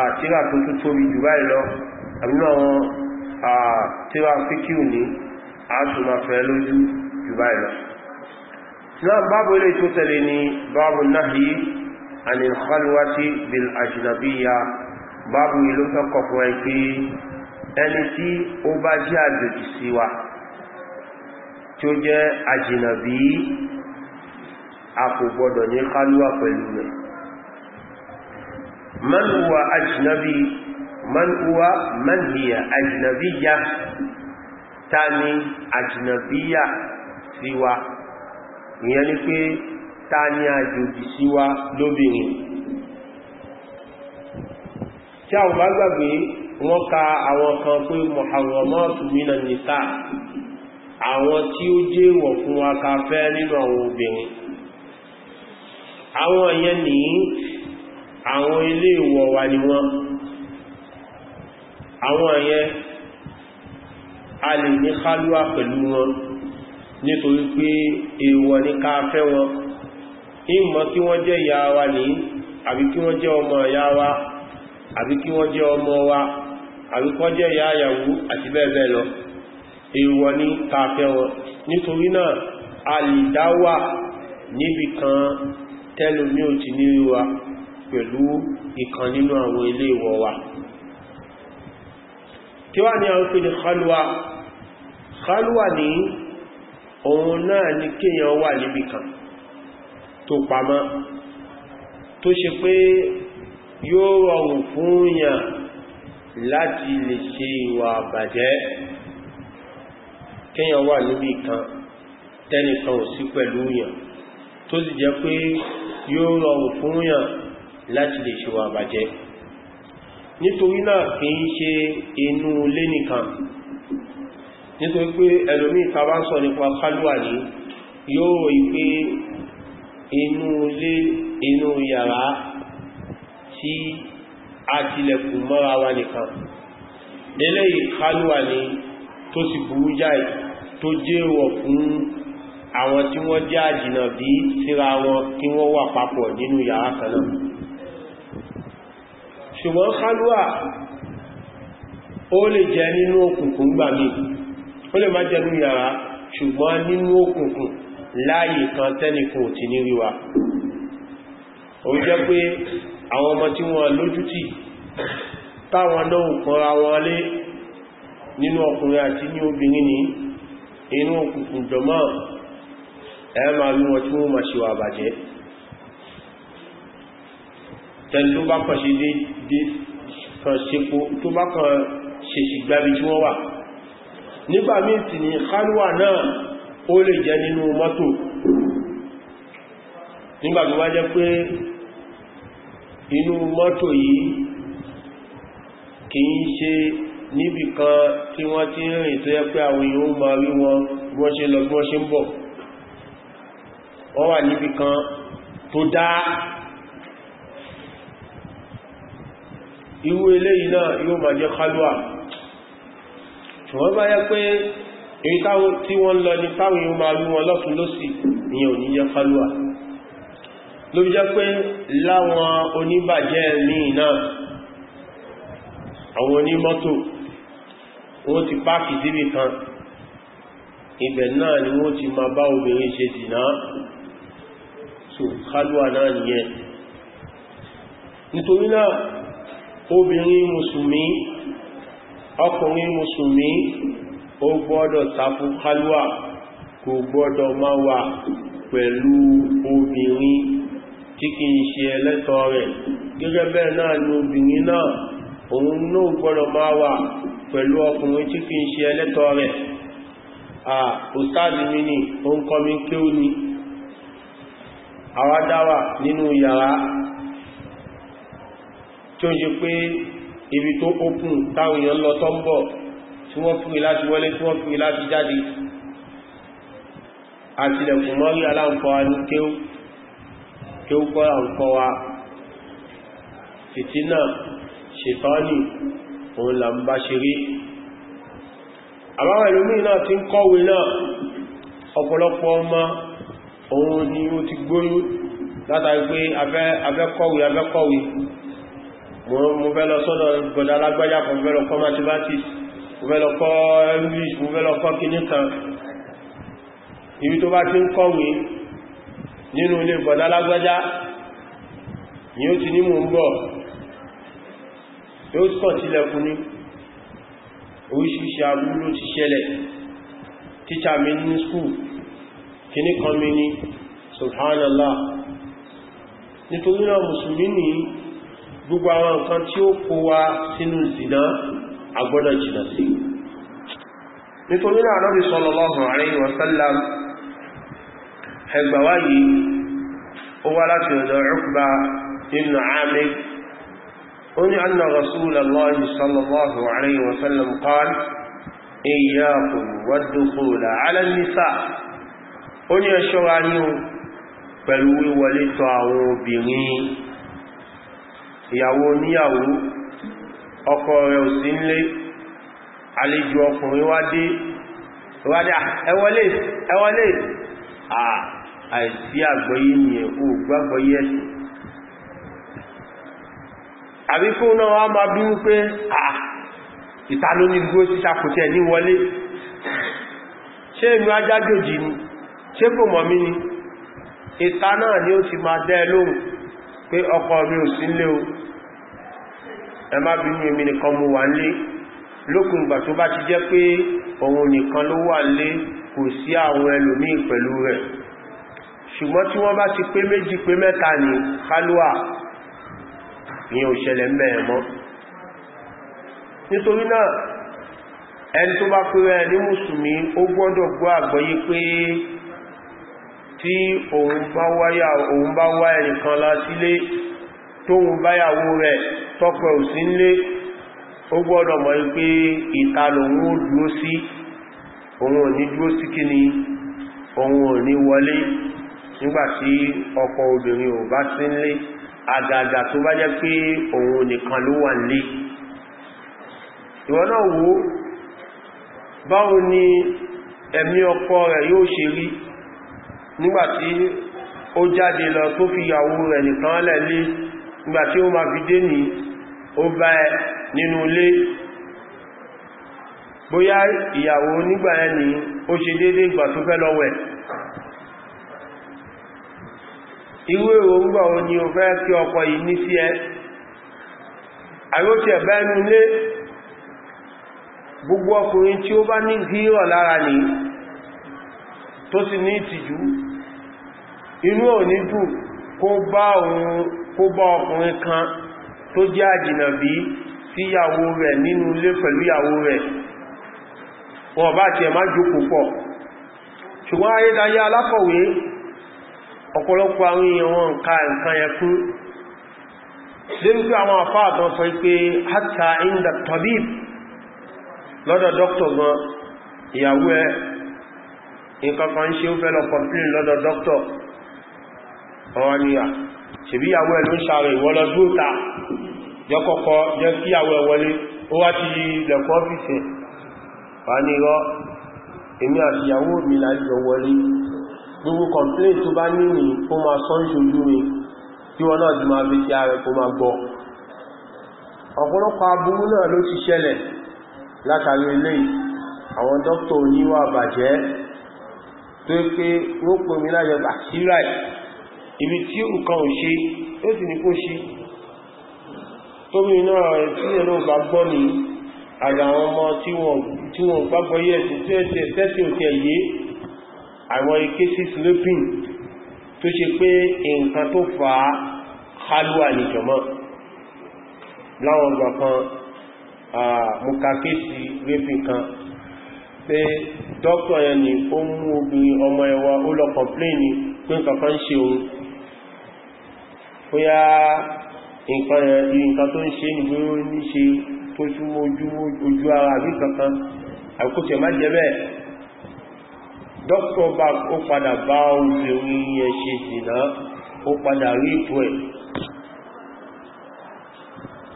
àtírà tó tún tóbi jù báyìí lọ àbínú àwọn àtírà fíkíù ní àtùmáfẹ́ lójú jù báyìí lọ ẹni tí ó bá jẹ́ àjòjì sí wa tí ó a kò gbọdọ̀ ní kálúwà pẹ̀lú rẹ̀ man huwa ajnabi ta ni ajnabiyya sí wa ìyẹn ta ni àjòjì sí lóbìnrin tí a ò gbàgbé minan àwọn tí ó jẹ́ wọ̀ fún wa ká fẹ́ nínú àwọn obìnrin àwọn ìyẹn ní àwọn ilé ìwọ̀ wa ni wọ́n àwọn ìyẹn a lè ní kálúwà pẹ̀lú wọn nítorí pé èèwọ̀ ní ká fẹ́ wọn ìmọ̀ kí wọ́n jẹ́ ìyá wa ní àbí kí wọ́n jẹ́ ọmọ ìyá wa àbí kí wọ́n jẹ́ ọmọ wa àbí kọ́ jẹ́ ìyá àyàwó àti bẹ́ẹ̀ bẹ́ẹ̀ lọ èèwọ̀ ní tààfẹ́ wọn nítorí náà a níbi kan tẹ́lùmí ò ti ní ríwa pẹ̀lú ìkan nínú àwọn ilé ìwọ̀ wa kí wá ní àwọn pèlè khalwa khalwa ní òun náà ní kíyàn wà níbi kan tó pamọ́ tó ṣe pé yóò rọrùn fún yàn láti lè ṣe ìwà àbàjẹ́ kéèyàn wà níbi kan tẹ́nìkan ò sí pẹ̀lú yàn tó sì jẹ́ pé yóò rọrùn fún yàn láti lè ṣe wà bàjẹ́ nítorí náà kì í ṣe inú ilé nìkan nítorí pé ẹlòmí ìtàbá sọ nípa kálùwà ní yóò rí pé inú ilé inú yàrá tí a tilẹ̀kùn mọ́ra wa nìkan lélẹ́yìí kálùwà ní tó sì burú jáì tó jẹ́wọ̀ fún àwọn tí wọ́n jẹ́ àjìnà bí síra wọn kí wọ́n wà papọ̀ nínú yàrá kan náà ṣùgbọ́n kálúà ó lè jẹ nínú òkùnkùn gbà mí ó lè má jẹ nínú yàrá ṣùgbọ́n nínú òkùnkùn láàyè kan tẹ́nìkùn ti ní ríwa jẹ́ pé àwọn ọmọ tí wọ́n lójútì táwọn náà kọ́ra wọn nínú ọkùnrin àti ní obìnrin ní inú òkùnkùn jọmọ́ ẹ ma rí wọn tí wọ́n ma ṣe wà bàjẹ́ tẹ́lú tó bá kàn ṣe dé kan ṣepo tó bá kàn ṣe ṣìgbàbí tí wọ́n wà nígbà míì sì ní náà ó lè jẹ́ nínú mọ́tò nígbà tó bá jẹ́ pé inú mọ́tò yìí kìí ṣe níbì kan tí wọ́n ti ń rìn tó yẹ pé àwọn èèyàn ma rí wọn bọ́ ṣe lọ bọ́ ṣe ń bọ̀ wọ́n wà níbì kan tó dá irú eléyìí náà yóò ma jẹ́ kálúà ṣùgbọ́n bá yẹ pé èyí tí wọ́n lọ ní táwọn èèyàn ma rí wọn lọ́tún lósì ìyẹn ò ní jẹ́ kálúà ló jẹ́ pé láwọn oníbàjẹ́ ní náà àwọn onímọ́tò wọ́n ti páàkì síbì kan ibẹ̀ náà ni wọ́n ti máa bá obìnrin ṣe dìná so kálúwà náà nìyẹn nítorí náà obìnrin mùsùlùmí ọkùnrin mùsùlùmí ó gbọ́dọ̀ tapu kálúwà kò gbọ́dọ̀ máa wà pẹ̀lú obìnrin tí kì í ṣe ẹlẹ́tọ̀ rẹ̀ gẹ́gẹ́ bẹ́ẹ̀ náà ni obìnrin náà òun náà gbọ́dọ̀ máa wà pẹ̀lú ọkùnrin tí kìí ṣe ẹlẹ́tọ̀ rẹ̀ òsáàdì mi ni ó ń kọ́ mi kí ó ní àwádáwà nínú yàrá tí ó ń ṣe pé ibi tó ókùn táwọn èèyàn lọ tọ́ ń bọ̀ tí wọ́n fún láti wọlé tí wọ́n fún láti jáde àtìlẹ̀kùn mọ́rí aláǹkọ́wà ní kéúkọ́ àǹkọ́wà fìtínà ṣètọ́nì òun là ń bá ṣe rí àbáwọn ìlúmí náà ti ń kọ́wé náà ọ̀pọ̀lọpọ̀ ọmọ òun ni ó ti gbóyún látàrí pé afẹ́kọ́wé afẹ́kọ́wé mo fẹ́ lọ sọ́dọ̀ gbọ̀dá alágbájá kan mo fẹ́ lọ mathematics mo fẹ́ lọ english mo fẹ́ lọ ni ó ti yóò kàn sílẹ̀kùn ní oríṣìíṣẹ́ agbúrú ti ṣẹlẹ̀ tíṣà mi ní skúù kìní kan mi ní subhanallah nítorí náà musulmi ní gbogbo àwọn nǹkan tí ó kó wa sínú zina agbọ́dọ̀ jìnà sí nítorí náà Ànábì sallallahu alaihi wa sallam ẹgbàwá yìí ó wá láti ọ̀dọ̀ Uqba ibn Amir قل أن رسول الله صلى الله عليه وسلم قال إياكم والدخول على النساء قل يا شراني pẹ̀lú wíwọlétọ àwọn obìnrin ìyàwó oníyàwó ọkọ rẹ̀ ò sí nlé àlejò ọkùnrin wá dé wádá ẹwọlé àbí kó náà wá máa bí wípé ìta ló ní gbó síta kò tẹ̀ ní wọlé ṣé èmi ajájòjì ni ṣé kò mọ̀ mí ni ìta náà ni ó ti máa dẹ́ lóhùn pé ọkọ mi ò sí lé o ẹ má bínú èmi nìkan mo wà nílé lókùn ìgbà tó bá ti jẹ́ pé òun nìkan ló wà nílé kò sí àwọn ẹlòmíì pẹ̀lú rẹ̀ ṣùgbọ́n tí wọ́n bá ti pé méjì pé mẹ́ta ní kálúwà ìyẹn ò ṣẹlẹ̀ mẹ́ẹ̀ mọ́ nítorí náà ẹni tó bá pẹ́rẹ ní mùsùlùmí ó gbọ́dọ̀ gbọ́ àgbọ́yé pé tí òun bá wáyà òun bá wá ẹnìkan lásílé tóun báyàwó rẹ̀ tọ́pẹ̀ òsínlé ó gbọ́dọ̀ mọ̀ pé ìta lòun ó dúró sí òun ò dúró sí kíni òun ò wọlé nígbàtí ọkọ obìnrin ò bá sínlé àgàgà tó bá jẹ́ pé òun nìkan ló wà nílé ìwọ náà wo báwo ni ẹ̀mí ọkọ rẹ̀ yóò ṣe rí nígbàtí ó jáde lọ tó fi ìyàwó rẹ̀ nìkan lẹ́lé nígbàtí ó ma fi dé ní ó bá ẹ nínú ilé bóyá ìyàwó nígbà ẹni ó ṣe déédé ìgbà tó fẹ́ lọ́wẹ̀ irú èròǹgbà wọn ni o fẹ́ kí ọkọ yìí ní sí ẹ àyókè ẹ̀bẹ́nu lé gbogbo ọkùnrin tí ó bá ní gírọ̀ lára ní tó sì ní ìtìjú inú òní dùn kó bá òun kó bá ọkùnrin kan tó jẹ́ àjìnàbí síyàwó rẹ̀ nínú ilé pẹ̀lú ìyàwó rẹ̀ wọn bá tiẹ̀ má jókòó pọ̀ ṣùgbọ́n ayédáyé alákọ̀wé ọ̀pọ̀lọpọ̀ àwọn èèyàn wọn ká nǹkan yẹn kú débi pé àwọn àfáà tán sọ pé hátà inda tabib lọ́dọ̀ dókítọ̀ gan ìyàwó ẹ nǹkan kan ṣe ó fẹ́ lọ kọ̀mplín lọ́dọ̀ dókítọ̀ ọwọ́ ni à ṣèbí ìyàwó ẹ ló ń ṣàrẹ̀ ìwọ́ lọ dúótà jẹ́kọ́kọ́ gbogbo complain tó bá ní ní ó máa sọ ń ṣojú ni kí wọ́n náà ti máa fi ti ààrẹ kó máa gbọ́ ọ̀pọ̀lọpọ̀ aburú náà ló ti ṣẹlẹ̀ látàrí ilé àwọn dókítà oníwà bàjẹ́ tó pé wọ́n pè mí láyẹ̀ àṣírà ibi tí nǹkan ò ṣe ó sì ní kó ṣe tómi náà tí ẹ̀rọ bá gbọ́ ní àgbà àwọn ọmọ tí wọ́n gbàgbọ́ yẹ̀ sí tẹ́sí òtẹ̀ yìí àwọn ike sí slopin tó ṣe pé nǹkan tó fa halwa ní jọmọ́ láwọn ọgbà kan mọ̀kàkéṣì rapin kan pé dókítà yẹn ni ó mú obìnrin ọmọ ẹwà ó lọ kọ̀pléènì pé kankan ń ṣe òun bóyá nǹkan tó ń ṣe nígbé ó ní ṣe tó túnmọ́ ojú ara àbí kankan àkókò má jẹ́ bẹ́ẹ̀ dókítà bá ó padà bá obìnrin yẹn ṣe dìná ó padà rí ìpò ẹ̀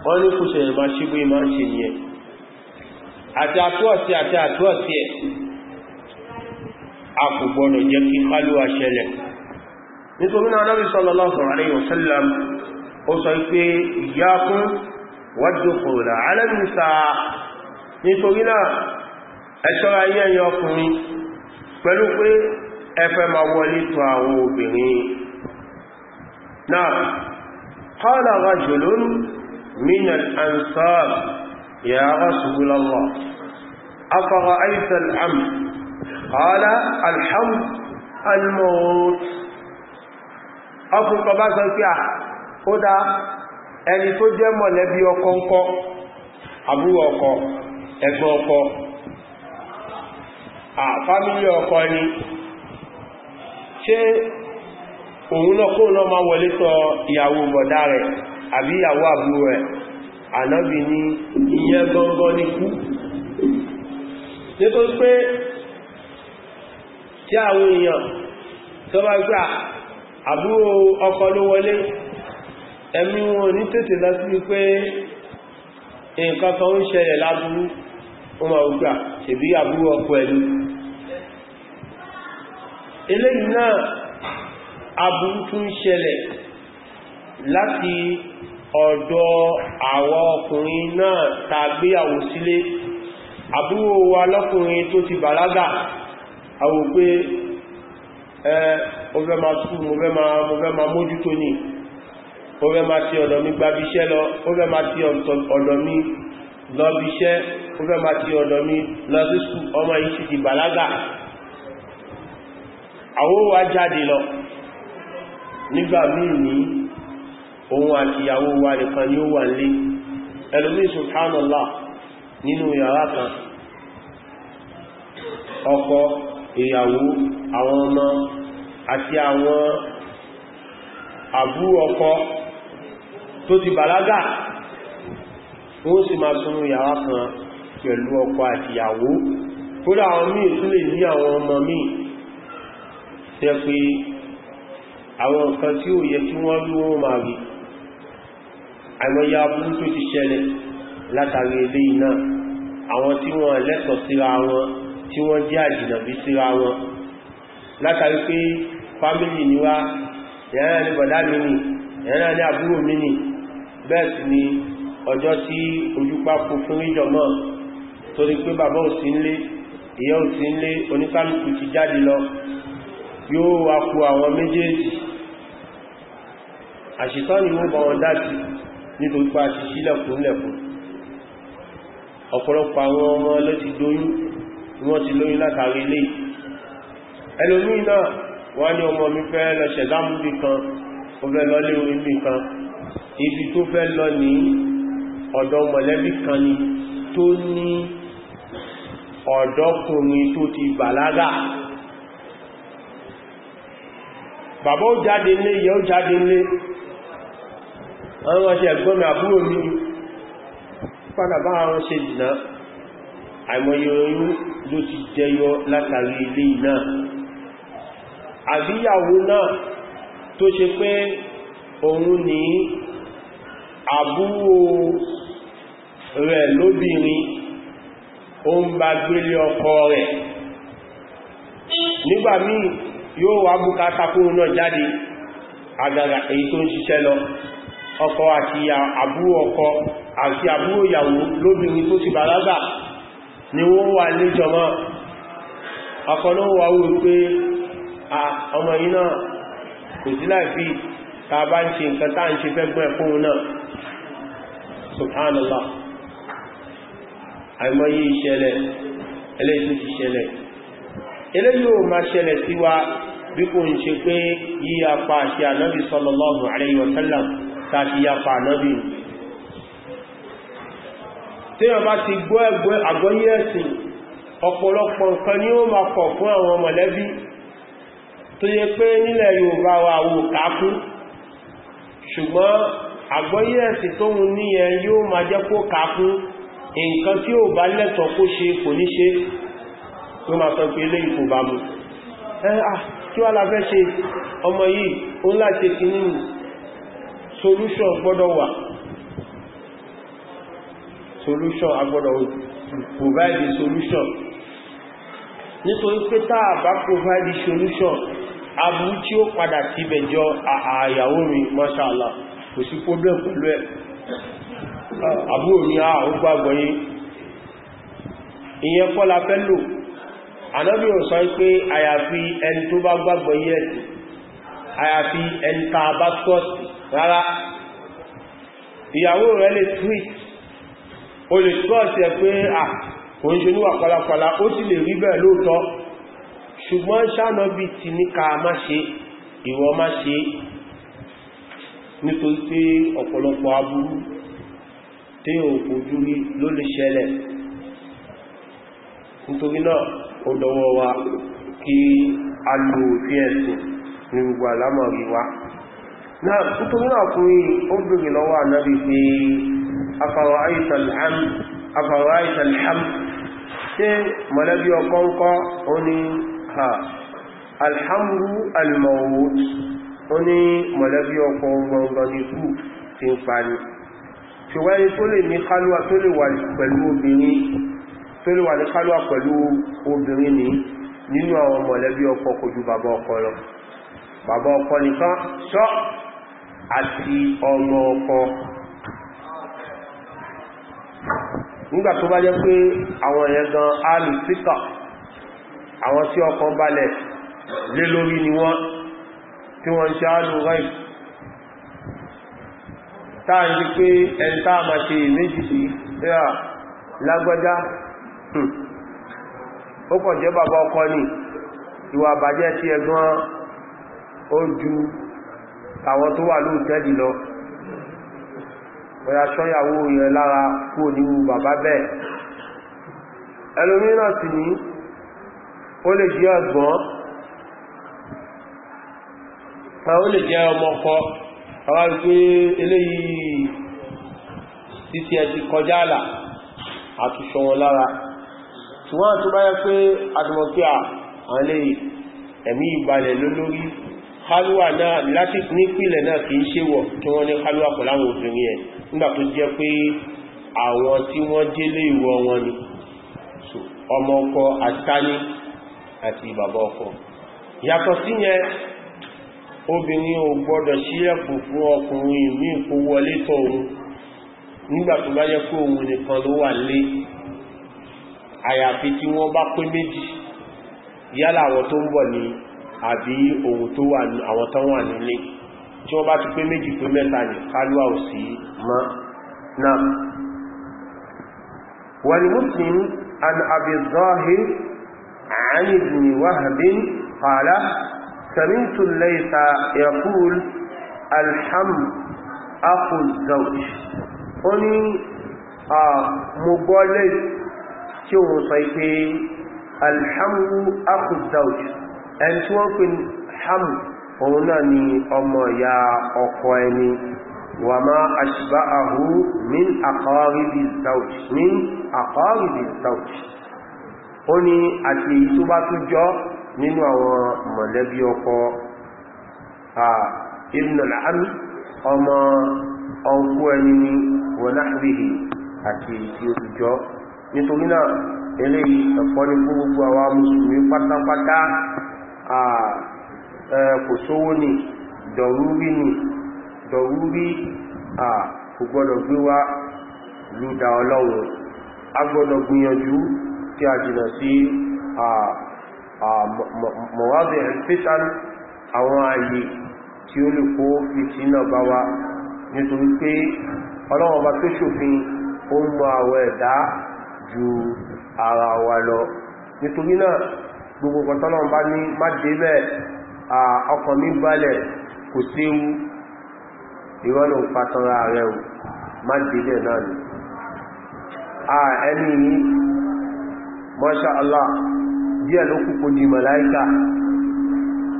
wọ́n ní kùsẹ̀ ìmá ṣígbé máa ń ṣe nìyẹn àti àtúọ̀sí àti àtúọ̀sí ẹ̀ a kò gbọ́nà jẹ́ kí kálúwà ṣẹlẹ̀ nítorí náà Ànábì yẹ́ ọkùnrin pẹ̀lú pé ẹfẹ́ ma wọlé tó àwọn obìnrin náà kọ́nà rajulun minal ansar ya rasulallah afara aital am kọ́nà alham almort ọkùnkọ bá sọ pé à ó dá ẹni tó jẹ́ mọ̀lẹ́bí ọkọ ńkọ́ àbúrò ọkọ ẹ̀gbọ́n ọkọ à fámílì ọkọ ni ṣé òun náà kó náà máa wọlé tọ ìyàwó bọ̀dá rẹ̀ àbí ìyàwó àbúrò rẹ̀ ànábì ní ìyẹn gangan ní kú nítorí pé tí àwọn èèyàn tó bá gbà àbúrò ọkọ ló wọlé ẹ̀mí wọn ní tètè lásí pé nǹkan kan ń ṣẹlẹ̀ lábúrú wọ́n máa gbà ṣèbí àbúrò ọkọ ẹ̀lú eléyìí náà aburú tún ṣẹlẹ̀ láti ọ̀dọ̀ àwọn ọkùnrin náà tàgbéyàwó sílé àbúrò wa lọ́kùnrin tó ti bàlágà àwò pé ẹ ọfẹ́ ma sùn mo fẹ́ ma mójútó ní ọfẹ́ ma ti ọ̀dọ̀ mi gbabiṣẹ́ lọ ọfẹ́ ma ti ọ̀dọ̀ mi lọ́biṣẹ́ ọfẹ́ ma ti ọ̀dọ̀ mi lọ sí sùn ọmọ yìí ti bàlágà àwọn wa jáde lọ nígbà míì ní òun àkìyàwó wa nìkan ni ó wà nílé ẹlòmí subhanallah nínú yàrá kan ọkọ ìyàwó àwọn ọmọ àti àwọn àbúrò ọkọ tó ti bàlágà ó sì máa súnmú yàrá kan pẹ̀lú ọkọ àti ìyàwó kódà àwọn míì tún lè ní àwọn ọmọ míì tẹ́ pé àwọn nǹkan tí ó yẹ kí wọ́n rí wọ́n máa rí àìmọ̀yá burú tó ti ṣẹlẹ̀ látàrí ilé iná àwọn tí wọ́n lẹ́tọ̀ síra wọn tí wọ́n jẹ́ àjìnàbí síra wọn látàrí pé fámílì ni wá ẹ̀rẹ́ ní bọ̀dá mi ni ẹ̀rẹ́ ní àbúrò mi ni bẹ́ẹ̀ sì ni ọjọ́ tí ojúpá kú fún ìjọmọ́ torí pé bàbá ò sí nlé ìyá ò sí nlé oníkálùkù ti jáde lọ yóò wá kú àwọn méjèèjì àṣìtọ́ ni wọ́n bá wọn dájú nítorí pa àṣìṣí lẹ̀kùn lẹ̀kùn ọ̀pọ̀lọpọ̀ àwọn ọmọ ló ti lóyún wọ́n ti lóyún látàrí ilé ẹlòmíì náà wọ́n ní ọmọ mi fẹ́ lọ ṣẹ̀dámù bí kan ó fẹ́ lọ bí kan ibi tó fẹ́ lọ ní ọ̀dọ̀ mọ̀lẹ́bí kan ni tó ní ọ̀dọ́kùnrin tó ti bàlágà bàbá ó jáde lé ìyẹ́ ó jáde lé àwọn ọ̀ṣẹ́ ẹ̀gbọ́n mi àbúrò mi padà bá àwọn ṣe jìnà àìmọye oyún ló ti jẹyọ látàrí ilé náà àbíyàwó náà tó ṣe pé òun ní àbúrò rẹ̀ lóbìnrin ó ń bá gbélé ọkọ rẹ̀ nígbà yóò wá bùkátà kóhun náà jáde àgàgà èyí tó ń ṣiṣẹ́ lọ ọkọ àti àbúrò ọkọ àti àbúrò ìyàwó lóbìnrin tó ti bàlágà ni wọ́n wà níjọmọ́ ọkọ ló wà wù pé ọmọ yìí náà kò sí láìfí ta bá ń ṣe nǹkan tá ń ṣe fẹ́gbọ́n ẹ̀kún náà subhanallah àìmọye ìṣẹ̀lẹ̀ eléyìí ti ṣẹlẹ̀ eléyìí ò bí kò ń ṣe pé yíya pa àṣẹ ànábì sallallahu alayhi wa sallam tàbí ya pa ànábì tí wọ́n bá ti gbọ́ ẹgbẹ́ àgbọ́yé ẹ̀sìn ọ̀pọ̀lọpọ̀ nǹkan ni ó ma kọ̀ fún àwọn mọ̀lẹ́bí tó yẹ pé nílẹ̀ Yorùbá wa wò kákún ṣùgbọ́n àgbọ́yé ẹ̀sìn tó ẹ́ ah kí wá la fẹ́ ṣe ọmọ yìí ó ń láti kì ní solution gbọ́dọ̀ wà solution agbọ́dọ̀ provide solution nítorí pé táà bá provide solution aburú tí ó padà ti bẹ̀jọ àyàwó rí mashallah kò sí problem pẹ̀lú ẹ̀ àbúrò ní àwọn gbàgbọ́ yìí ànábì ò sọ pé àyàfi ẹni tó bá gbàgbọ́ yí ẹ̀sìn àyàfi ẹni ta bá tọ́sì rárá ìyàwó rẹ̀ lè tweet o lè tọ́sì ẹ pé à kò ń ṣe níwà pàlàpàlà ó sì lè rí bẹ́ẹ̀ lóòtọ́ ṣùgbọ́n ṣánàbì ti ní ká má ṣe ìwọ má ṣe nítorí pé ọ̀pọ̀lọpọ̀ aburú tí ò fojú rí ló lè ṣẹlẹ̀ nítorí náà ó dọwọ́ wa kí a lò òfin ẹ̀sìn ní gbogbo àlámọ̀rí wa náà nítorí náà fún ó bèèrè lọ́wọ́ ànábì pé afàwọ̀ àìsàlham ṣe mọ̀lẹ́bí ọkọ̀ ń kọ́ ó ní ha alhamdu almawut ó ní mọ̀lẹ́bí ọkọ̀ gbọngbọn tó lè wà ní kálùwà pẹ̀lú obìnrin ní nínú àwọn mọ̀lẹ́bí ọkọ kò ju bàbá ọkọ lọ bàbá ọkọ nìkan ṣọ́ àti ọmọ ọkọ nígbà tó bá jẹ́ pé àwọn èèyàn gan alùsítà àwọn tí ọkàn balẹ̀ lé lórí ni wọ́n tí wọ́n ṣe alùwẹ́ táà ní pé ẹni máa ṣe méjì sí lágbájá Hmm. ó kọ̀ jẹ́ bàbá ọkọ ní ìwà àbàjẹ́ tí ẹgbọ́n ó ju àwọn tó wà lóòtẹ́lì lọ ọ̀yà ṣọ́yàwó yẹn lára kú oníwú bàbá bẹ́ẹ̀ ẹlòmíràn sì ní ó lè jẹ́ ọgbọ́n ó lè jẹ́ ọmọkọ àwọn wípé eléyìí títí ẹ ti kọjá àlà àtúṣọ wọn lára ṣùgbọ́n tó bá yẹ pé atmosphere àlè ẹ̀mí ìbalẹ̀ lólórí halwa náà láti nípìlẹ̀ náà kìí ṣe wọ̀ kí wọ́n ní halwa pẹ̀lú àwọn obìnrin ẹ̀ nígbà tó jẹ́ pé àwọn tí wọ́n délé ìwọ wọn ni ọmọ ọkọ àtàní àti bàbá ọkọ yàtọ̀ sí yẹn obìnrin ò gbọ́dọ̀ sílẹ̀kù fún ọkùnrin ìmí ìkó wọlé tọ̀run nígbà tó bá yẹ pé òun nìkan ló wà lé àyàfi tí wọ́n bá pín méjì yálà àwọn tó ń bọ̀ ní àbí ohun tó wà ní àwọn tán wà nílé tí wọ́n bá ti pín méjì pín mẹ́ta ní kálúwà ò sí mọ́ náà wà ní muslim an abizahir àánìbìnì wáhàbín قال سمعت الليث يقول الحمد أخو الزوج ó ní ah, tí ó mú sọ pé alhamdu akudauj ẹni tí wọ́n pín hamu òun náà ni ọmọ ìyá ọkọ ẹni wà máa aṣìbá àhú ní àkọwàríbí zauj ní àkọwàríbí zauj ó ní àti èyí tó bá tún jọ nínú àwọn mọ̀lẹ́bí ọkọ ibn al'ami ọmọ ọkọ ẹni ni wọ́n náà rí àti èyí tí ó tún jọ nítorí náà eléyìí ẹ̀kọ́ ní fún gbogbo àwa mùsùlùmí pátápátá kò sówó ní dọ̀rúrí ní dọ̀rúrí kò gbọ́dọ̀ gbé wá lúdà ọlọ́run a gbọ́dọ̀ gbìyànjú tí a jìnà sí mọ̀wádìí ẹ̀fẹ́sàn àwọn ààyè tí ó lè kó fìtínà bá wa nítorí pé ọlọ́wọ́ bá tó ṣòfin ó mọ àwọn ẹ̀dá ju ara wa lọ nítorí náà gbogbo kọ̀tọ́lọ̀ bá ní má débẹ̀ ọkàn mi balẹ̀ kò séwu ìrọ́lù pàtàrà rẹ̀ o má débẹ̀ náà ni a ẹni ní Masha Allah díẹ̀ ló kúkò di kun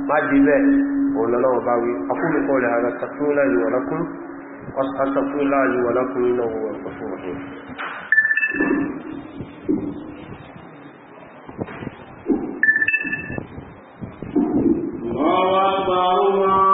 má débẹ̀ ọlọ́lọ́wọ́ bá wí الله أكبر الله